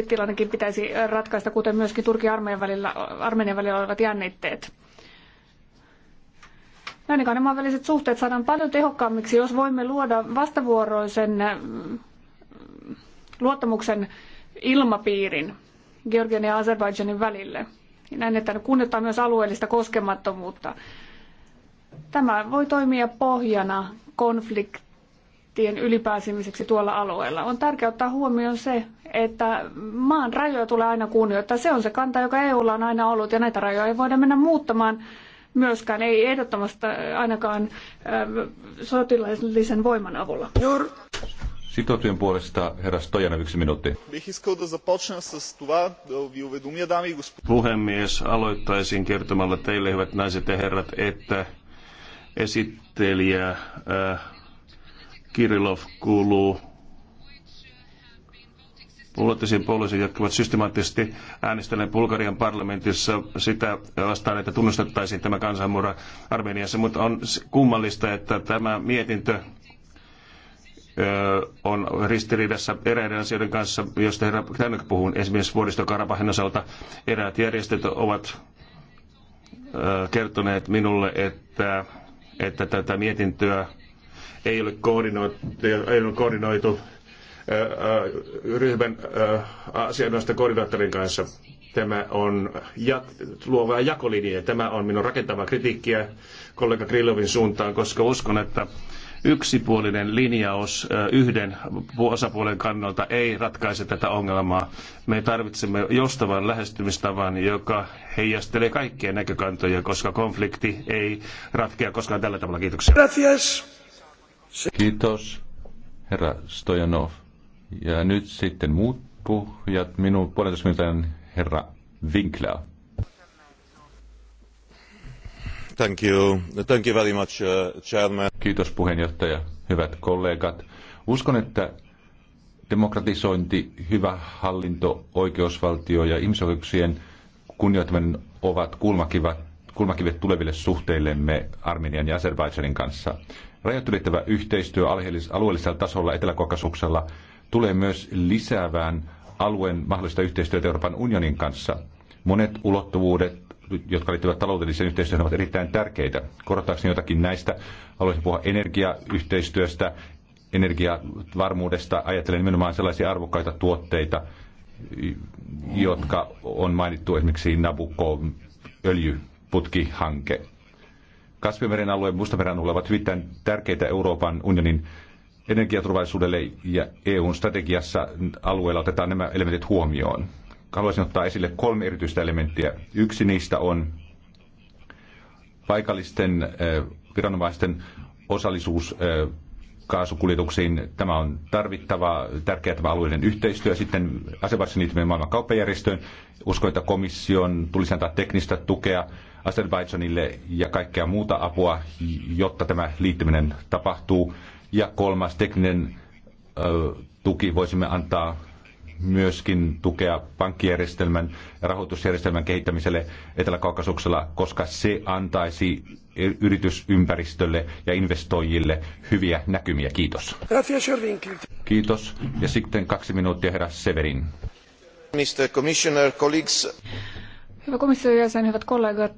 tilannekin pitäisi ratkaista, kuten myöskin Turkin armeijan välillä, Armenian välillä olevat jännitteet. Näiden kahden maan väliset suhteet saadaan paljon tehokkaammiksi, jos voimme luoda vastavuoroisen luottamuksen ilmapiirin Georgian ja Azerbaidžanin välille. Näin, että kunnioittaa myös alueellista koskemattomuutta. Tämä voi toimia pohjana konflikt, tien ylipääsemiseksi tuolla alueella. On tärkeää ottaa huomioon se, että maan rajoja tulee aina kunnioittaa. Se on se kanta, joka EUlla on aina ollut, ja näitä rajoja ei voida mennä muuttamaan myöskään, ei ehdottomasti ainakaan äh, sotilaallisen voiman avulla. Jur. Sitoutujen puolesta herra Stojana yksi minuutti. Puhemies, aloittaisin kertomalla teille, hyvät naiset ja herrat, että esittelijä äh, Kirilov kuuluu poliittisiin poliisiin, jotka ovat systemaattisesti äänestäneet Bulgarian parlamentissa sitä vastaan, että tunnustettaisiin tämä kansanmurha Armeniassa. Mutta on kummallista, että tämä mietintö on ristiriidassa eräiden asioiden kanssa, joista herra Tänök puhuu, esimerkiksi vuoristokarapahin osalta. Eräät järjestöt ovat kertoneet minulle, että, että tätä mietintöä ei ole koordinoitu, ei ole koordinoitu ryhmän asianoista koordinaattorin kanssa. Tämä on jat- luovaa jakolinjaa. Tämä on minun rakentavaa kritiikkiä kollega Grillovin suuntaan, koska uskon, että yksipuolinen linjaus yhden osapuolen kannalta ei ratkaise tätä ongelmaa. Me tarvitsemme joustavan lähestymistavan, joka heijastelee kaikkia näkökantoja, koska konflikti ei ratkea koskaan tällä tavalla. Kiitoksia. Gracias. Kiitos, herra Stojanov. Ja nyt sitten muut puhujat. Minun puolentoista herra Winkler. Thank you. Thank you very much, uh, chairman. Kiitos puheenjohtaja, hyvät kollegat. Uskon, että demokratisointi, hyvä hallinto, oikeusvaltio ja ihmisoikeuksien kunnioittaminen ovat kulmakivet, kulmakivet tuleville suhteillemme Armenian ja Azerbaidžanin kanssa. Rajat ylittävä yhteistyö alueellisella tasolla etelä tulee myös lisäävään alueen mahdollista yhteistyötä Euroopan unionin kanssa. Monet ulottuvuudet, jotka liittyvät taloudelliseen yhteistyöhön, ovat erittäin tärkeitä. Korottaakseni jotakin näistä, haluaisin puhua energiayhteistyöstä, energiavarmuudesta. Ajattelen nimenomaan sellaisia arvokkaita tuotteita, jotka on mainittu esimerkiksi Nabucco öljyputkihanke. Kaspimeren alueen Mustameren alue ovat hyvittäin tärkeitä Euroopan unionin energiaturvallisuudelle ja EUn strategiassa alueella otetaan nämä elementit huomioon. Haluaisin ottaa esille kolme erityistä elementtiä. Yksi niistä on paikallisten eh, viranomaisten osallisuus eh, kaasukuljetuksiin. Tämä on tarvittava, tärkeä tämä alueiden yhteistyö. Sitten asevarsin liittyminen maailman kauppajärjestöön. Uskon, että komission tulisi antaa teknistä tukea Azerbaidžanille ja kaikkea muuta apua, jotta tämä liittyminen tapahtuu. Ja kolmas tekninen ö, tuki voisimme antaa myöskin tukea pankkijärjestelmän ja rahoitusjärjestelmän kehittämiselle Etelä-Kaukasuksella, koska se antaisi yritysympäristölle ja investoijille hyviä näkymiä. Kiitos. Kiitos. Ja sitten kaksi minuuttia herra Severin. Mr. Commissioner, colleagues. Hyvä komission jäsen, hyvät kollegat.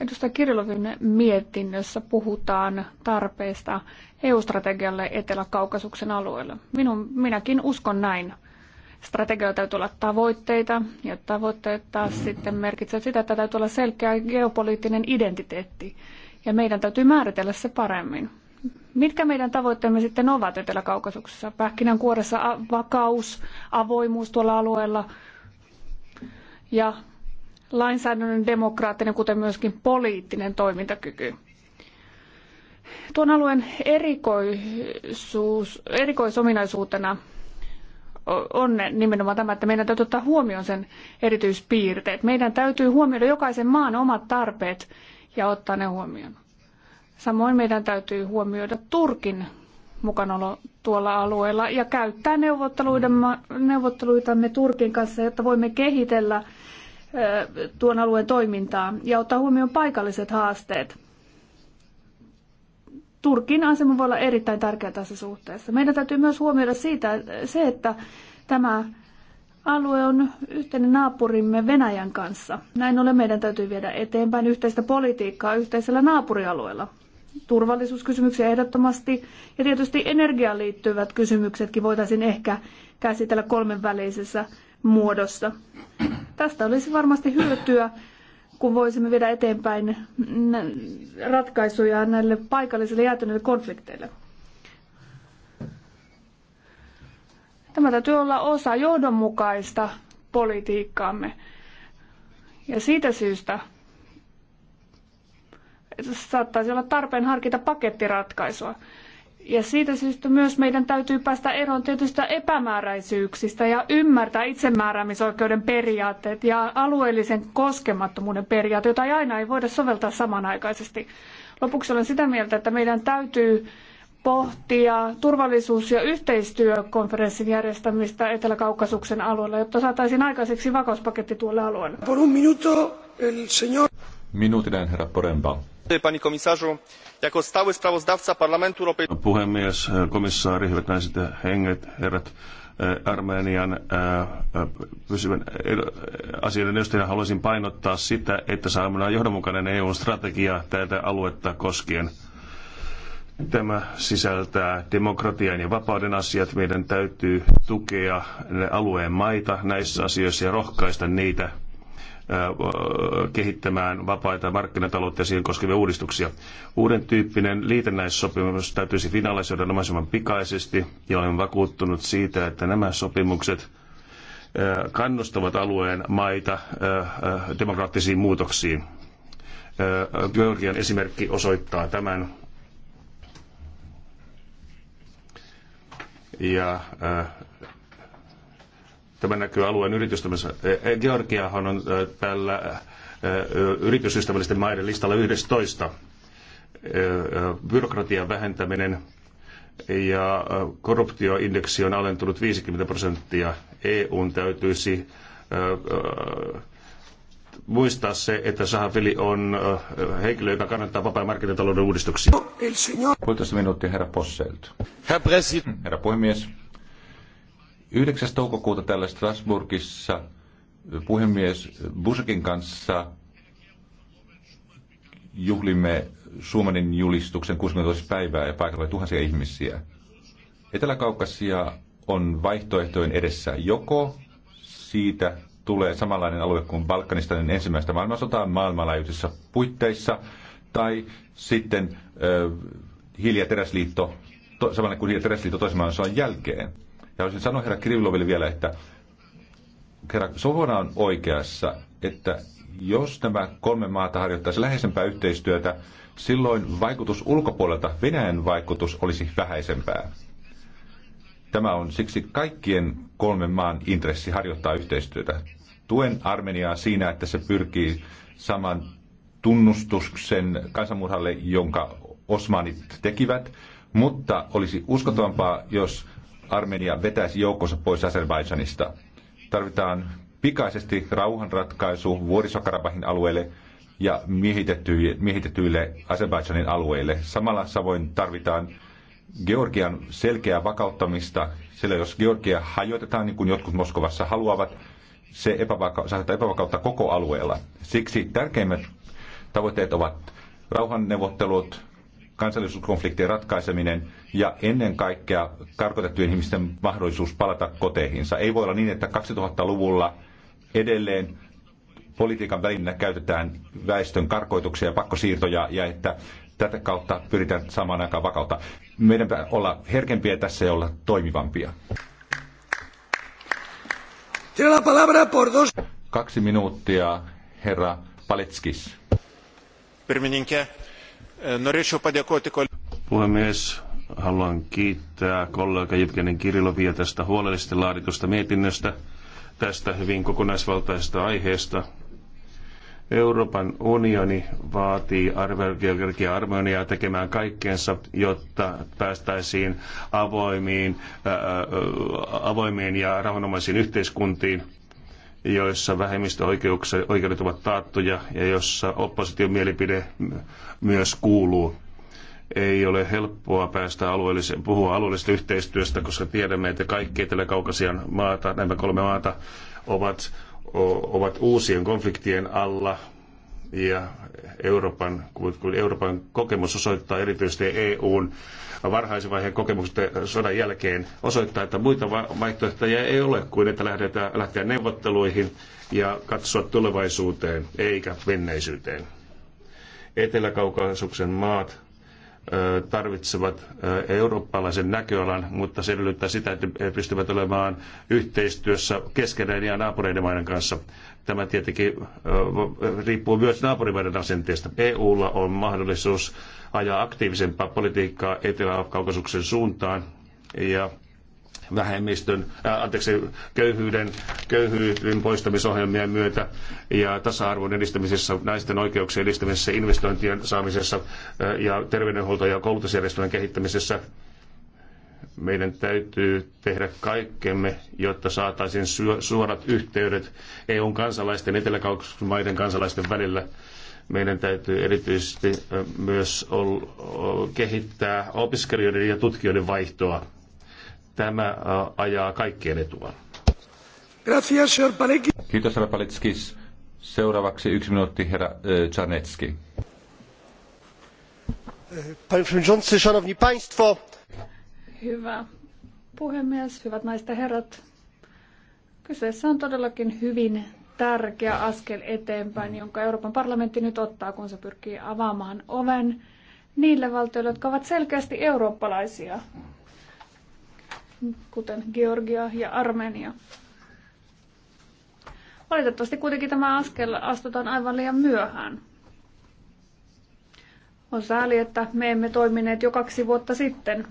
Edustaja Kirilovin mietinnössä puhutaan tarpeesta EU-strategialle Etelä-Kaukasuksen alueella. Minun, minäkin uskon näin. Strategialla täytyy olla tavoitteita, ja tavoitteet taas sitten merkitsevät sitä, että täytyy olla selkeä geopoliittinen identiteetti, ja meidän täytyy määritellä se paremmin. Mitkä meidän tavoitteemme sitten ovat Etelä-Kaukasuksessa? Pähkinänkuoressa vakaus, avoimuus tuolla alueella, ja lainsäädännön demokraattinen, kuten myöskin poliittinen toimintakyky. Tuon alueen erikoisuus, erikoisominaisuutena on nimenomaan tämä, että meidän täytyy ottaa huomioon sen erityispiirteet. Meidän täytyy huomioida jokaisen maan omat tarpeet ja ottaa ne huomioon. Samoin meidän täytyy huomioida Turkin mukanaolo tuolla alueella ja käyttää neuvotteluitamme Turkin kanssa, jotta voimme kehitellä tuon alueen toimintaa ja ottaa huomioon paikalliset haasteet. Turkin asema voi olla erittäin tärkeä tässä suhteessa. Meidän täytyy myös huomioida siitä, se, että tämä alue on yhteinen naapurimme Venäjän kanssa. Näin ollen meidän täytyy viedä eteenpäin yhteistä politiikkaa yhteisellä naapurialueella. Turvallisuuskysymyksiä ehdottomasti ja tietysti energiaan liittyvät kysymyksetkin voitaisiin ehkä käsitellä kolmenvälisessä välisessä muodossa. Tästä olisi varmasti hyötyä, kun voisimme viedä eteenpäin ratkaisuja näille paikallisille jäätyneille konflikteille. Tämä täytyy olla osa johdonmukaista politiikkaamme. Ja siitä syystä saattaisi olla tarpeen harkita pakettiratkaisua. Ja siitä syystä myös meidän täytyy päästä eroon tietystä epämääräisyyksistä ja ymmärtää itsemääräämisoikeuden periaatteet ja alueellisen koskemattomuuden periaate, jota ei aina ei voida soveltaa samanaikaisesti. Lopuksi olen sitä mieltä, että meidän täytyy pohtia turvallisuus- ja yhteistyökonferenssin järjestämistä Etelä-Kaukasuksen alueella, jotta saataisiin aikaiseksi vakauspaketti tuolle alueelle. Minuutinen herra Poremba. Puhemies, komissaari, hyvät naiset ja herrat. Eh, Armenian eh, eh, pysyvän asioiden edustajana haluaisin painottaa sitä, että saamme johdonmukainen EU-strategia tätä aluetta koskien. Tämä sisältää demokratian ja vapauden asiat. Meidän täytyy tukea alueen maita näissä asioissa ja rohkaista niitä kehittämään vapaita markkinataloutta ja siihen koskevia uudistuksia. Uuden tyyppinen liitännäissopimus täytyisi finalisoida mahdollisimman pikaisesti ja olen vakuuttunut siitä, että nämä sopimukset kannustavat alueen maita demokraattisiin muutoksiin. Georgian esimerkki osoittaa tämän. Ja Tämä näkyy alueen yritystämässä. E, e, Georgiahan on tällä yritysystävällisten maiden listalla 11. E, byrokratian vähentäminen ja korruptioindeksi on alentunut 50 prosenttia. EUn täytyisi muistaa se, että Sahafili on henkilö, joka kannattaa vapaa markkinatalouden uudistuksia. Puolitoista minuuttia herra Posselt. Herra puhemies, 9. toukokuuta täällä Strasbourgissa puhemies Busekin kanssa juhlimme Suomenin julistuksen 60. päivää ja paikalla oli tuhansia ihmisiä. etelä on vaihtoehtojen edessä. Joko siitä tulee samanlainen alue kuin Balkanistanin ensimmäistä maailmansotaa maailmanlaajuisissa puitteissa, tai sitten äh, hiili- ja teräsliitto, to, samanlainen kuin hiili- ja teräsliitto toisen maailmansodan jälkeen. Ja olisin sanoa herra Krivloville vielä, että herra Sovona on oikeassa, että jos nämä kolme maata harjoittaisi läheisempää yhteistyötä, silloin vaikutus ulkopuolelta, Venäjän vaikutus, olisi vähäisempää. Tämä on siksi kaikkien kolmen maan intressi harjoittaa yhteistyötä. Tuen Armeniaa siinä, että se pyrkii saman tunnustuksen kansanmurhalle, jonka osmanit tekivät, mutta olisi uskottavampaa, jos Armenia vetäisi joukkonsa pois Azerbaidžanista. Tarvitaan pikaisesti rauhanratkaisu Vuorisokarabahin alueelle ja miehitettyille, Azerbaidžanin alueille. Samalla savoin tarvitaan Georgian selkeää vakauttamista, sillä jos Georgia hajoitetaan niin kuin jotkut Moskovassa haluavat, se epävaka- epävakautta koko alueella. Siksi tärkeimmät tavoitteet ovat rauhanneuvottelut, kansallisuuskonfliktien ratkaiseminen ja ennen kaikkea karkotettujen ihmisten mahdollisuus palata koteihinsa. Ei voi olla niin, että 2000-luvulla edelleen politiikan välinä käytetään väestön karkoituksia ja pakkosiirtoja ja että tätä kautta pyritään samaan aikaan vakautta. Meidän pitää olla herkempiä tässä ja olla toimivampia. Kaksi minuuttia, herra Paletskis. Pirmininkė, Eh, norėčiau padėkoti Puhemies, haluan kiittää kollega Jevgenin Kirilovia tästä huolellisesti laaditusta mietinnöstä, tästä hyvin kokonaisvaltaisesta aiheesta. Euroopan unioni vaatii Georgia Armeniaa tekemään kaikkeensa, jotta päästäisiin avoimiin, ää, avoimiin ja rauhanomaisiin yhteiskuntiin – joissa vähemmistöoikeudet ovat taattuja ja jossa opposition mielipide myös kuuluu. Ei ole helppoa päästä alueellise- puhua alueellisesta yhteistyöstä, koska tiedämme, että kaikki Etelä-Kaukasian maata, nämä kolme maata, ovat, ovat uusien konfliktien alla ja Euroopan, kun Euroopan kokemus osoittaa erityisesti EUn varhaisen vaiheen kokemukset sodan jälkeen, osoittaa, että muita vaihtoehtoja ei ole kuin, että lähdetään, lähteä neuvotteluihin ja katsoa tulevaisuuteen eikä menneisyyteen. Etelä-Kaukasuksen maat tarvitsevat eurooppalaisen näköalan, mutta se edellyttää sitä, että he pystyvät olemaan yhteistyössä keskenään ja naapureiden maiden kanssa. Tämä tietenkin riippuu myös naapurimaiden asenteesta. EUlla on mahdollisuus ajaa aktiivisempaa politiikkaa Etelä-Kaukasuksen suuntaan ja vähemmistön, äh, anteeksi, köyhyyden, köyhyyden poistamisohjelmien myötä ja tasa-arvon edistämisessä, naisten oikeuksien edistämisessä, investointien saamisessa äh, ja terveydenhuolto- ja koulutusjärjestelmän kehittämisessä. Meidän täytyy tehdä kaikkemme, jotta saataisiin suorat yhteydet EUn kansalaisten, etelä maiden kansalaisten välillä meidän täytyy erityisesti äh, myös kehittää opiskelijoiden ja tutkijoiden vaihtoa Tämä ajaa kaikkien etua. Kiitos, herra Seuraavaksi yksi minuutti, herra Czarnecki. Panie przewodniczący, szanowni państwo. Hyvä puhemies, hyvät naiset ja herrat. Kyseessä on todellakin hyvin tärkeä askel eteenpäin, jonka Euroopan parlamentti nyt ottaa, kun se pyrkii avaamaan oven niille valtioille, jotka ovat selkeästi eurooppalaisia kuten Georgia ja Armenia. Valitettavasti kuitenkin tämä askel astutaan aivan liian myöhään. On sääli, että me emme toimineet jo kaksi vuotta sitten,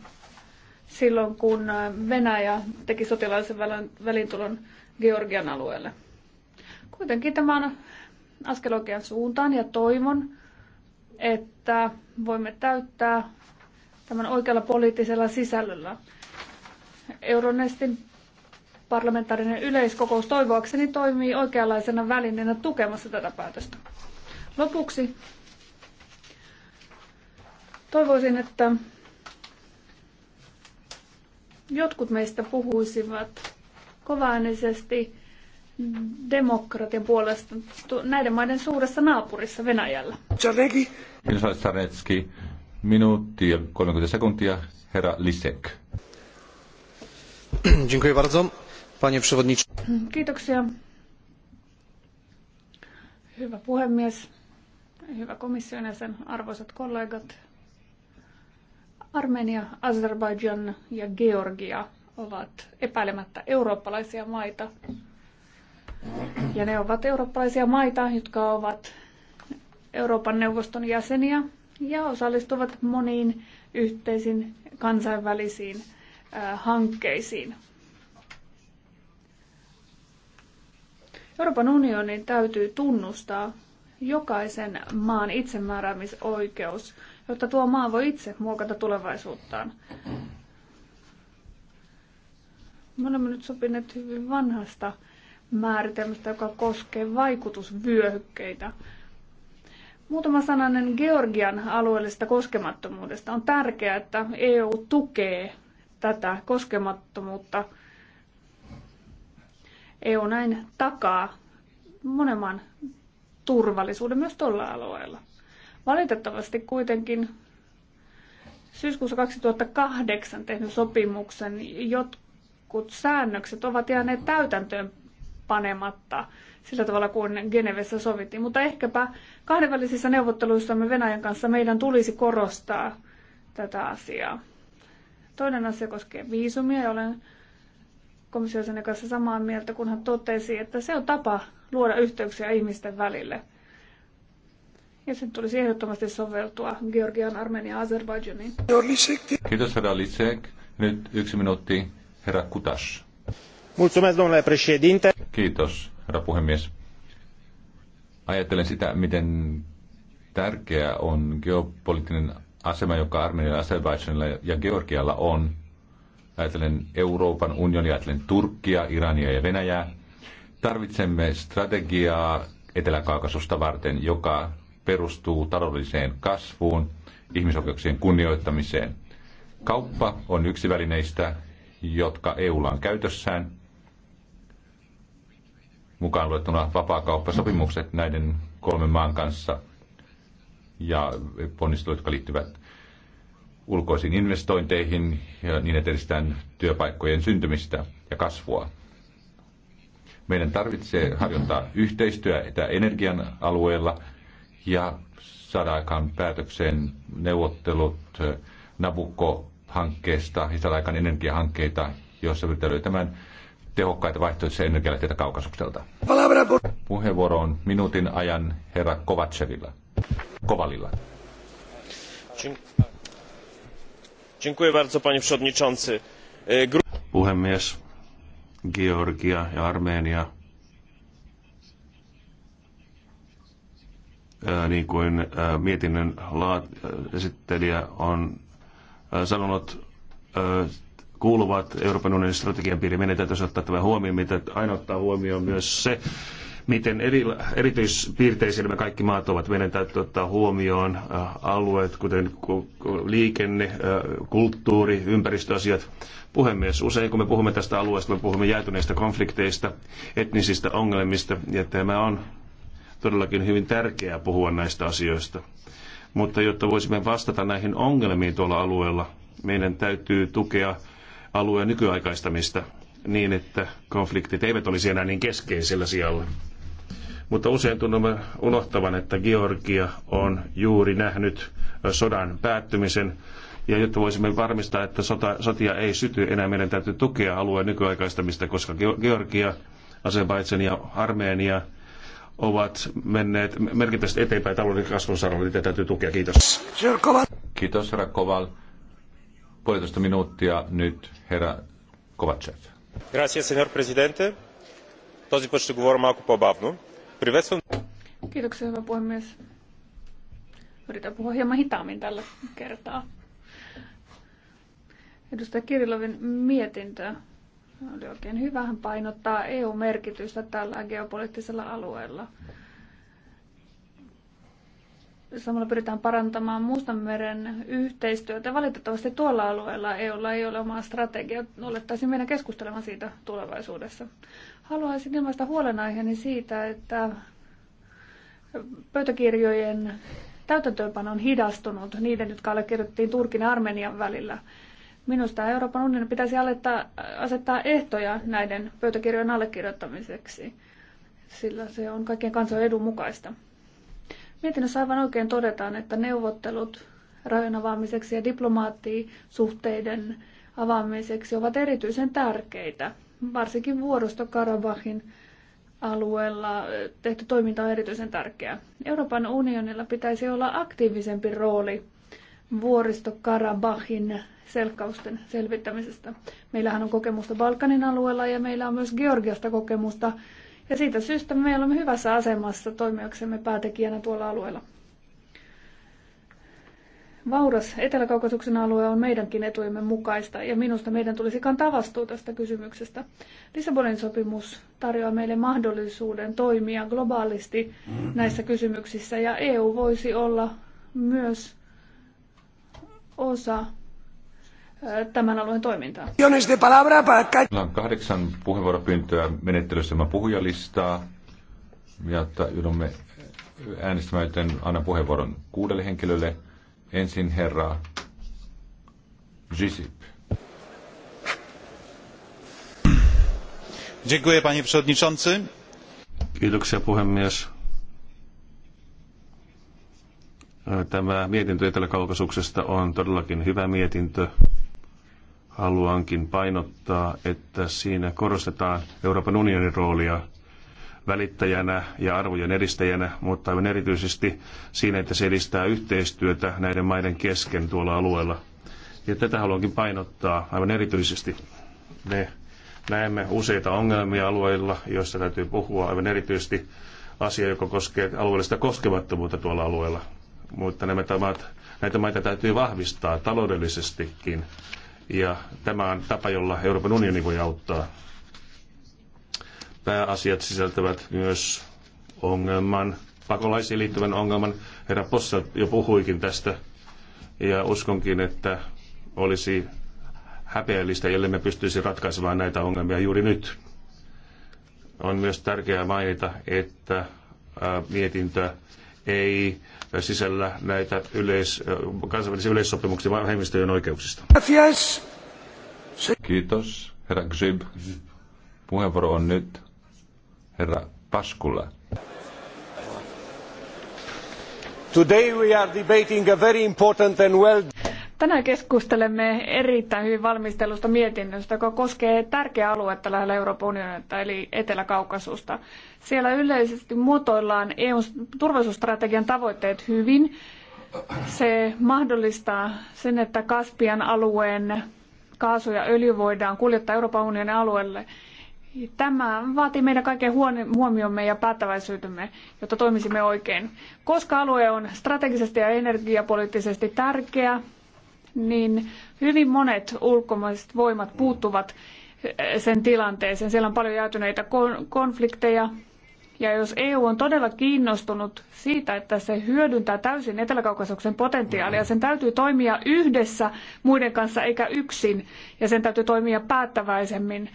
silloin kun Venäjä teki sotilaisen välintulon Georgian alueelle. Kuitenkin tämä on askel oikean suuntaan ja toivon, että voimme täyttää tämän oikealla poliittisella sisällöllä. Euronestin parlamentaarinen yleiskokous toivoakseni toimii oikeanlaisena välineenä tukemassa tätä päätöstä. Lopuksi toivoisin, että jotkut meistä puhuisivat kovaäänisesti demokratian puolesta näiden maiden suuressa naapurissa Venäjällä. Minuutti ja 30 sekuntia, herra Lisek. [clears throat] Kiitoksia. Hyvä puhemies, hyvä komission jäsen, arvoisat kollegat. Armenia, Azerbaidžan ja Georgia ovat epäilemättä eurooppalaisia maita. Ja ne ovat eurooppalaisia maita, jotka ovat Euroopan neuvoston jäseniä ja osallistuvat moniin yhteisiin kansainvälisiin hankkeisiin. Euroopan unionin täytyy tunnustaa jokaisen maan itsemääräämisoikeus, jotta tuo maa voi itse muokata tulevaisuuttaan. Me olemme nyt sopineet hyvin vanhasta määritelmästä, joka koskee vaikutusvyöhykkeitä. Muutama sananen Georgian alueellisesta koskemattomuudesta. On tärkeää, että EU tukee tätä koskemattomuutta. EU näin takaa monemman turvallisuuden myös tuolla alueella. Valitettavasti kuitenkin syyskuussa 2008 tehnyt sopimuksen jotkut säännökset ovat jääneet täytäntöön panematta sillä tavalla kuin Genevessä sovittiin. Mutta ehkäpä kahdenvälisissä neuvotteluissamme Venäjän kanssa meidän tulisi korostaa tätä asiaa. Toinen asia koskee viisumia ja olen komissiosen kanssa samaa mieltä, kun hän totesi, että se on tapa luoda yhteyksiä ihmisten välille. Ja sen tulisi ehdottomasti soveltua Georgian, Armenian ja Azerbaidžaniin. Kiitos herra Lisek. Nyt yksi minuutti herra Kutas. Kiitos, herra puhemies. Ajattelen sitä, miten tärkeä on geopoliittinen asema, joka Armenialla, Azerbaidžanilla ja Georgialla on, ajatellen Euroopan unionia, ajatellen Turkkia, Irania ja Venäjää, tarvitsemme strategiaa etelä varten, joka perustuu taloudelliseen kasvuun, ihmisoikeuksien kunnioittamiseen. Kauppa on yksi välineistä, jotka EUlla on käytössään, mukaan luettuna vapaakauppasopimukset näiden kolmen maan kanssa – ja ponnistelut, jotka liittyvät ulkoisiin investointeihin ja niin, että edistetään työpaikkojen syntymistä ja kasvua. Meidän tarvitsee harjoittaa yhteistyötä energian alueella ja saada aikaan päätökseen neuvottelut Nabukko-hankkeesta ja saada aikaan energiahankkeita, joissa pyritään löytämään tehokkaita vaihtoehtoisia energialähteitä kaukasukselta. Puheenvuoro on minuutin ajan herra Kovacevilla. Kovalilla. Dziękuję bardzo, panie przewodniczący. E, Puhemies, Georgia ja Armenia e, niin kuin e, mietinnön esittelijä on sanonut, kuuluvat Euroopan unionin strategian piiriin. Meidän täytyisi ottaa tämä huomioon, mitä aina ottaa huomioon myös se, miten eri, erityispiirteisiä nämä kaikki maat ovat. Meidän täytyy ottaa huomioon äh, alueet, kuten liikenne, äh, kulttuuri, ympäristöasiat. Puhemies, usein kun me puhumme tästä alueesta, me puhumme jäätyneistä konflikteista, etnisistä ongelmista, ja tämä on todellakin hyvin tärkeää puhua näistä asioista. Mutta jotta voisimme vastata näihin ongelmiin tuolla alueella, meidän täytyy tukea alueen nykyaikaistamista niin, että konfliktit eivät olisi enää niin keskeisellä sijalla. Mutta usein tunnumme unohtavan, että Georgia on juuri nähnyt sodan päättymisen. Ja jotta voisimme varmistaa, että sota, sotia ei syty enää, meidän täytyy tukea alueen nykyaikaistamista, koska Georgia, Azerbaidžan ja Armenia ovat menneet merkittävästi eteenpäin talouden kasvun saralla. Niitä täytyy tukea. Kiitos. Kiitos, herra Koval. Puolitoista minuuttia nyt, herra Kovacev. Gracias, señor presidente. Този път ще говоря малко Privesc... Kiitoksia, hyvä puhemies. Yritän puhua hieman hitaammin tällä kertaa. Edustaja Kirilovin mietintö oli oikein hyvä. Hän painottaa EU-merkitystä tällä geopoliittisella alueella. Samalla pyritään parantamaan Mustanmeren yhteistyötä. Valitettavasti tuolla alueella EUlla ei ole omaa strategiaa. Olettaisiin meidän keskustelemaan siitä tulevaisuudessa. Haluaisin ilmaista huolenaiheeni siitä, että pöytäkirjojen täytäntöönpano on hidastunut niiden, jotka allekirjoitettiin Turkin ja Armenian välillä. Minusta Euroopan unionin pitäisi alettaa, asettaa ehtoja näiden pöytäkirjojen allekirjoittamiseksi, sillä se on kaikkien kansojen edun mukaista. Mietinnössä aivan oikein todetaan, että neuvottelut rajojen avaamiseksi ja diplomaattisuhteiden avaamiseksi ovat erityisen tärkeitä varsinkin vuoristokarabahin alueella tehty toiminta on erityisen tärkeää. Euroopan unionilla pitäisi olla aktiivisempi rooli vuoristokarabahin selkkausten selvittämisestä. Meillähän on kokemusta Balkanin alueella ja meillä on myös Georgiasta kokemusta. Ja siitä syystä me olemme hyvässä asemassa toimijaksemme päätekijänä tuolla alueella. Vauras etelä alue on meidänkin etujemme mukaista ja minusta meidän tulisi kantaa vastuu tästä kysymyksestä. Lissabonin sopimus tarjoaa meille mahdollisuuden toimia globaalisti näissä kysymyksissä ja EU voisi olla myös osa tämän alueen toimintaa. Meillä on kahdeksan puheenvuoropyyntöä menettelyssä puhujalistaa ja joudumme äänestämään, joten annan puheenvuoron kuudelle henkilölle. Ensin herra Gisip. Dziękuję panie przewodniczący. Kiitoksia puhemies. Tämä mietintö Etelä-Kaukasuksesta on todellakin hyvä mietintö. Haluankin painottaa, että siinä korostetaan Euroopan unionin roolia välittäjänä ja arvojen edistäjänä, mutta aivan erityisesti siinä, että se edistää yhteistyötä näiden maiden kesken tuolla alueella. Ja tätä haluankin painottaa aivan erityisesti. Me näemme useita ongelmia alueilla, joissa täytyy puhua aivan erityisesti asia, joka koskee alueellista koskemattomuutta tuolla alueella. Mutta nämä tavat, näitä maita täytyy vahvistaa taloudellisestikin. Ja tämä on tapa, jolla Euroopan unioni voi auttaa pääasiat sisältävät myös ongelman, pakolaisiin liittyvän ongelman. Herra Possa jo puhuikin tästä ja uskonkin, että olisi häpeällistä, jolle me pystyisi ratkaisemaan näitä ongelmia juuri nyt. On myös tärkeää mainita, että mietintö ei sisällä näitä yleis, kansainvälisiä yleissopimuksia vähemmistöjen oikeuksista. Kiitos. Herra Gzib, puheenvuoro on nyt herra Paskula. Today we are debating a very important and well... Tänään keskustelemme erittäin hyvin valmistelusta mietinnöstä, joka koskee tärkeää aluetta lähellä Euroopan unionia, eli Etelä-Kaukasusta. Siellä yleisesti muotoillaan EUn turvallisuusstrategian tavoitteet hyvin. Se mahdollistaa sen, että Kaspian alueen kaasu ja öljy voidaan kuljettaa Euroopan unionin alueelle Tämä vaatii meidän kaiken huomiomme ja päättäväisyytemme, jotta toimisimme oikein. Koska alue on strategisesti ja energiapoliittisesti tärkeä, niin hyvin monet ulkomaiset voimat puuttuvat eh, sen tilanteeseen. Siellä on paljon jäätyneitä konflikteja. Ja jos EU on todella kiinnostunut siitä, että se hyödyntää täysin Etelä-Kaukasuksen potentiaalia, sen täytyy toimia yhdessä muiden kanssa eikä yksin, ja sen täytyy toimia päättäväisemmin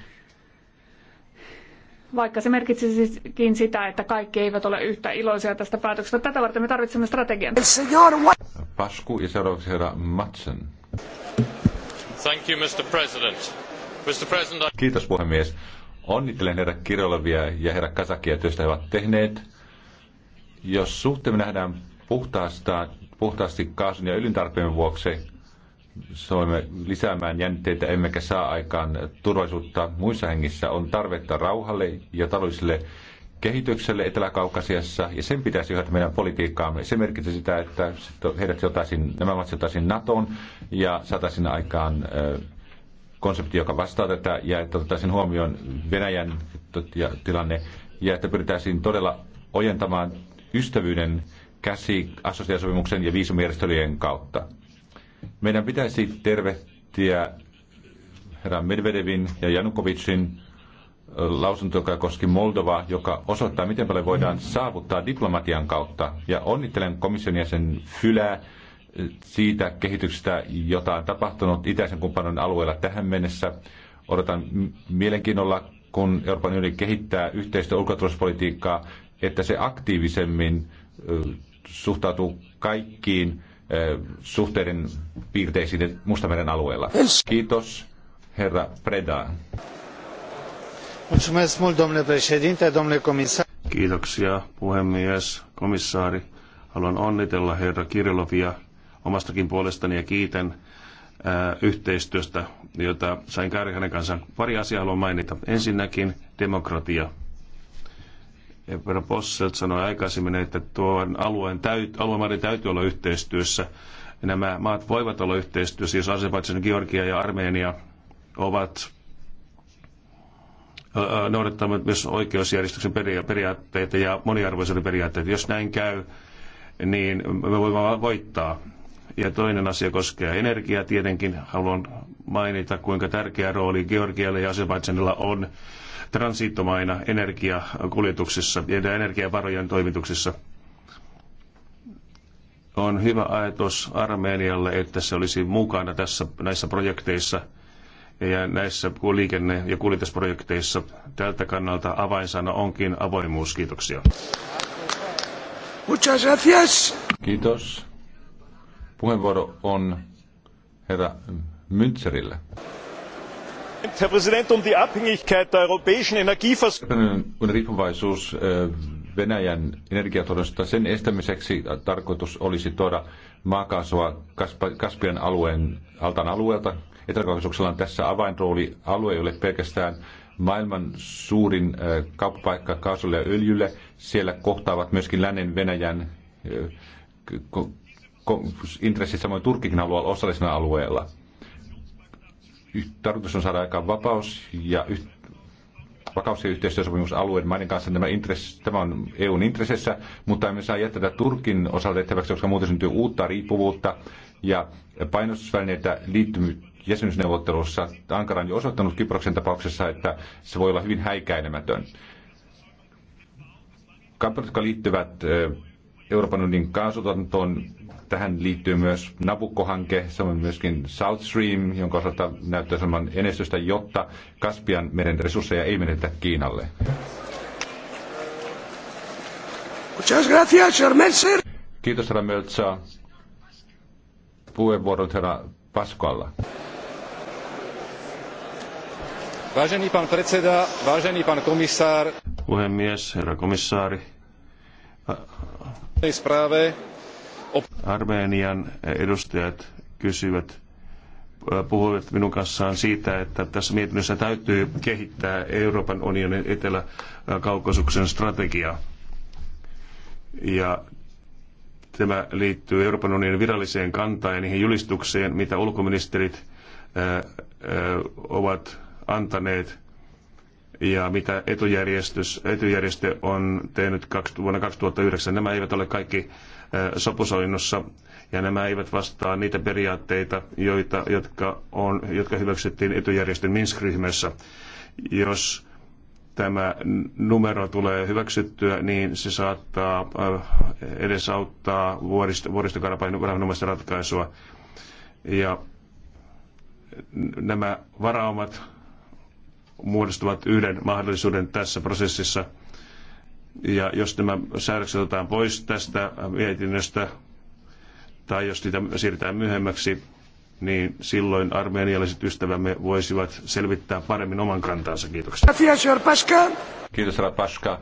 vaikka se merkitsisikin sitä, että kaikki eivät ole yhtä iloisia tästä päätöksestä. Tätä varten me tarvitsemme strategian. Pasku ja seuraavaksi herra Matsen. Thank you, Mr. President. Mr. President I... Kiitos puhemies. Onnittelen herra Kirolevia ja herra Kasakia työstä he ovat tehneet. Jos suhteemme nähdään puhtaasta, puhtaasti kaasun ja öljyn tarpeen vuoksi, saamme lisäämään jännitteitä, emmekä saa aikaan turvallisuutta muissa hengissä. On tarvetta rauhalle ja taloudelliselle kehitykselle Etelä-Kaukasiassa, ja sen pitäisi johtaa meidän politiikkaamme. Se merkitsee sitä, että heidät jotaisiin, nämä maat jotaisiin NATOon ja saataisiin aikaan konsepti, joka vastaa tätä, ja että otettaisiin huomioon Venäjän tilanne, ja että pyritäisiin todella ojentamaan ystävyyden käsi assosiaatiosopimuksen ja viisumijärjestelyjen kautta. Meidän pitäisi tervehtiä herra Medvedevin ja Janukovicin lausunto, joka koski Moldovaa, joka osoittaa, miten paljon voidaan saavuttaa diplomatian kautta. Ja onnittelen komission jäsen Fylää siitä kehityksestä, jota on tapahtunut itäisen kumppanin alueella tähän mennessä. Odotan mielenkiinnolla, kun Euroopan unioni kehittää yhteistä ulkoturvallisuuspolitiikkaa, että se aktiivisemmin suhtautuu kaikkiin suhteiden piirteisiin Mustameren alueella. Kiitos, herra Preda. Mulțumesc mult, domnule președinte, domnule comisar. Kiitoksia, puhemies, komissaari. Haluan onnitella herra Kirilovia omastakin puolestani ja kiitän ää, äh, yhteistyöstä, jota sain Kärjähänen kanssa. Pari asiaa haluan mainita. Ensinnäkin demokratia. Herra Posselt sanoi aikaisemmin, että tuon alueen täyt, aluemaiden täytyy olla yhteistyössä. Nämä maat voivat olla yhteistyössä, jos Azerbaidžan, Georgia ja Armenia ovat noudattavat myös oikeusjärjestyksen periaatteita ja moniarvoisuuden periaatteita. Jos näin käy, niin me voimme voittaa. Ja toinen asia koskee energiaa. Tietenkin haluan mainita, kuinka tärkeä rooli Georgialle ja Azerbaidžanilla on transitomaina energiakuljetuksissa ja energiavarojen toimituksissa. On hyvä ajatus Armenialle, että se olisi mukana tässä, näissä projekteissa ja näissä liikenne- ja kuljetusprojekteissa. Tältä kannalta avainsana onkin avoimuus. Kiitoksia. Muchas gracias. Kiitos. Puheenvuoro on herra Müntzerille herr präsident um die abhängigkeit der europäischen energieversorgung. Äh, Venäjän energiatuotannosta sen estämiseksi tarkoitus olisi tuoda maakaasua Kaspian alueen altan alueelta. Eteläkaukasuksella on tässä avainrooli alue, jolle pelkästään maailman suurin äh, kauppapaikka kaasulle ja öljylle. Siellä kohtaavat myöskin lännen Venäjän äh, intressit, samoin Turkikin alueella osallisena alueella tarkoitus on saada aikaan vapaus ja yh, vakaus- ja yhteistyösopimus alueen maiden kanssa. Tämä, intress, tämä on EUn intressissä, mutta emme saa jättää Turkin osalta tehtäväksi, koska muuten syntyy uutta riippuvuutta ja painostusvälineitä liittymy, jäsenyysneuvottelussa Ankara on jo osoittanut Kyproksen tapauksessa, että se voi olla hyvin häikäilemätön. Kampanjat, jotka liittyvät Euroopan unionin kaasutuotantoon, Tähän liittyy myös Nabucco-hanke, samoin myöskin South Stream, jonka osalta näyttää saman enestystä, jotta Kaspian meren resursseja ei menetä Kiinalle. Kiitos, herra Möltsä. Puheenvuorot herra Paskalla. Vážený pán predseda, vážený pán komisár. Puhemies, herra komissaari. Správe Armenian edustajat kysyivät, äh, puhuivat minun kanssaan siitä, että tässä mietinnössä täytyy kehittää Euroopan unionin eteläkaukosuksen strategiaa. Ja tämä liittyy Euroopan unionin viralliseen kantaan ja niihin julistukseen, mitä ulkoministerit äh, äh, ovat antaneet ja mitä etujärjestys, etujärjestö on tehnyt vuonna 2009. Nämä eivät ole kaikki sopusoinnussa, ja nämä eivät vastaa niitä periaatteita, joita, jotka, on, jotka hyväksyttiin etujärjestön Minsk-ryhmässä. Jos tämä numero tulee hyväksyttyä, niin se saattaa edesauttaa vuoristo, ratkaisua. Ja nämä varaumat muodostuvat yhden mahdollisuuden tässä prosessissa – ja jos nämä säädökset otetaan pois tästä mietinnöstä, tai jos niitä siirretään myöhemmäksi, niin silloin armeenialaiset ystävämme voisivat selvittää paremmin oman kantansa. Kiitoksia. Kiitos, herra Paska.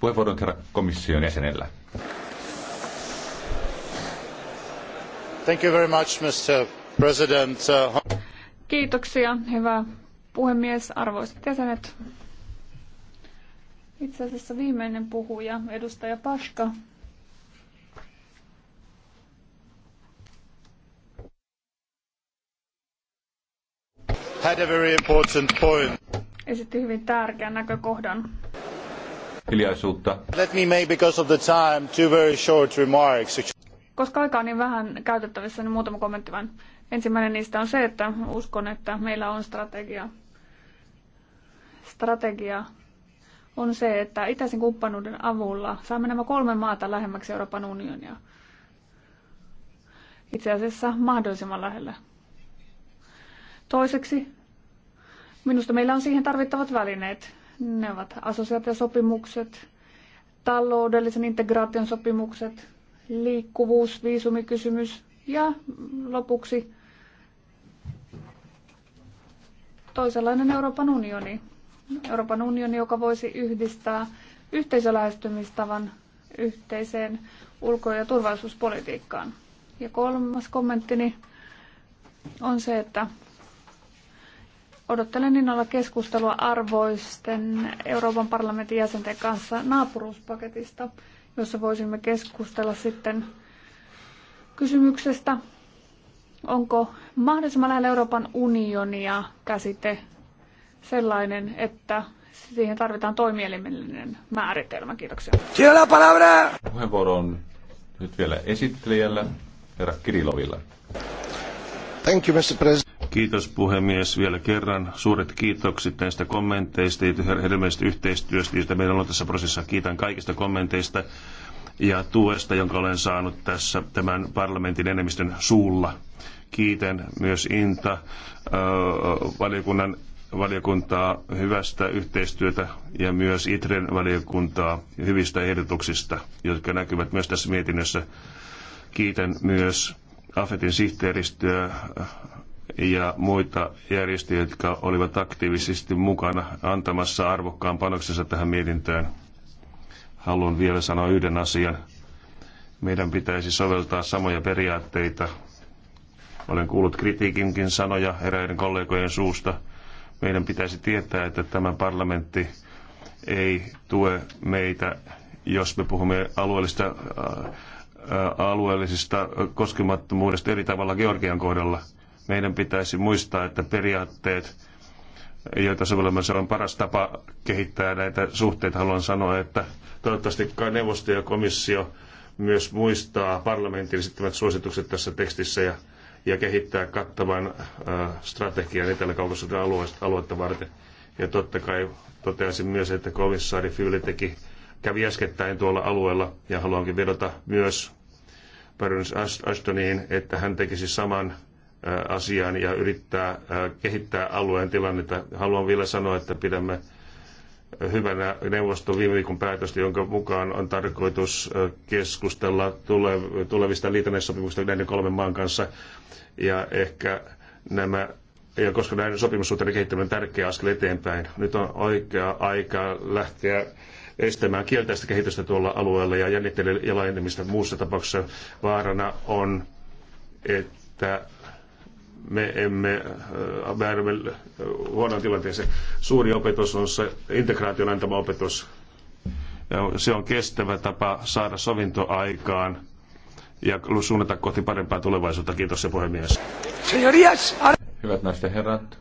Puheenvuoron herra komission jäsenellä. Thank you very much, Mr. President. Uh, Kiitoksia, hyvä puhemies, arvoisat jäsenet. Itse asiassa viimeinen puhuja, edustaja Paska. Had a very important point. Esitti hyvin tärkeän näkökohdan. Hiljaisuutta. Let me make because of the time two very short remarks. Koska aika on niin vähän käytettävissä, niin muutama kommentti vain. Ensimmäinen niistä on se, että uskon, että meillä on strategia. Strategia on se, että itäisen kumppanuuden avulla saamme nämä kolme maata lähemmäksi Euroopan unionia. Itse asiassa mahdollisimman lähellä. Toiseksi, minusta meillä on siihen tarvittavat välineet. Ne ovat asosiaatiosopimukset, taloudellisen integraation sopimukset, liikkuvuus, viisumikysymys ja lopuksi toisenlainen Euroopan unioni, Euroopan unioni, joka voisi yhdistää yhteisölähestymistavan yhteiseen ulko- ja turvallisuuspolitiikkaan. Ja kolmas kommenttini on se, että odottelen innolla keskustelua arvoisten Euroopan parlamentin jäsenten kanssa naapuruuspaketista, jossa voisimme keskustella sitten kysymyksestä, onko mahdollisimman lähellä Euroopan unionia käsite sellainen, että siihen tarvitaan toimielimellinen määritelmä. Kiitoksia. Siellä palavra! Puheenvuoro on nyt vielä esittelijällä, herra Kirilovilla. Thank you, Mr. President. Kiitos puhemies vielä kerran. Suuret kiitokset näistä kommenteista ja hedelmällisestä yhteistyöstä, joita meillä on tässä prosessissa. Kiitän kaikista kommenteista ja tuesta, jonka olen saanut tässä tämän parlamentin enemmistön suulla. Kiitän myös Inta-valiokunnan valiokuntaa hyvästä yhteistyötä ja myös ITREN valiokuntaa hyvistä ehdotuksista, jotka näkyvät myös tässä mietinnössä. Kiitän myös AFETin sihteeristöä ja muita järjestöjä, jotka olivat aktiivisesti mukana antamassa arvokkaan panoksensa tähän mietintöön. Haluan vielä sanoa yhden asian. Meidän pitäisi soveltaa samoja periaatteita. Olen kuullut kritiikinkin sanoja eräiden kollegojen suusta – meidän pitäisi tietää, että tämä parlamentti ei tue meitä, jos me puhumme alueellista, äh, äh, alueellisista koskemattomuudesta eri tavalla Georgian kohdalla. Meidän pitäisi muistaa, että periaatteet, joita sovellamme, se on paras tapa kehittää näitä suhteita. Haluan sanoa, että toivottavasti neuvosto ja komissio myös muistaa parlamentin esittämät suositukset tässä tekstissä ja ja kehittää kattavan strategian Etelä-Kaukasuuden aluetta varten. Ja totta kai toteaisin myös, että komissaari Fyli teki, kävi äskettäin tuolla alueella ja haluankin vedota myös Baroness Ashtoniin, että hän tekisi saman asian ja yrittää kehittää alueen tilannetta. Haluan vielä sanoa, että pidämme hyvänä neuvoston viime viikon päätöstä, jonka mukaan on tarkoitus keskustella tulevista liitännäissopimuksista näiden kolmen maan kanssa. Ja ehkä nämä ja koska näiden sopimussuhteiden kehittäminen on tärkeä askel eteenpäin, nyt on oikea aika lähteä estämään kielteistä kehitystä tuolla alueella ja jännitteiden ja laajentamista muussa tapauksessa vaarana on, että me emme äh, määräämme äh, huonoon tilanteeseen. Suuri opetus on se integraation antama opetus. Se on kestävä tapa saada sovinto aikaan ja suunnata kohti parempaa tulevaisuutta. Kiitos se puhemies. Hyvät naisten herrat,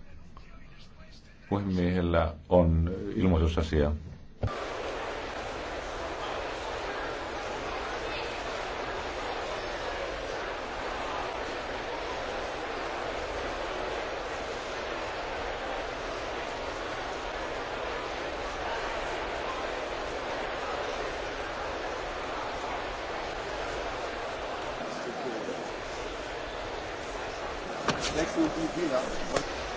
puhemiehellä on ilmoitusasia.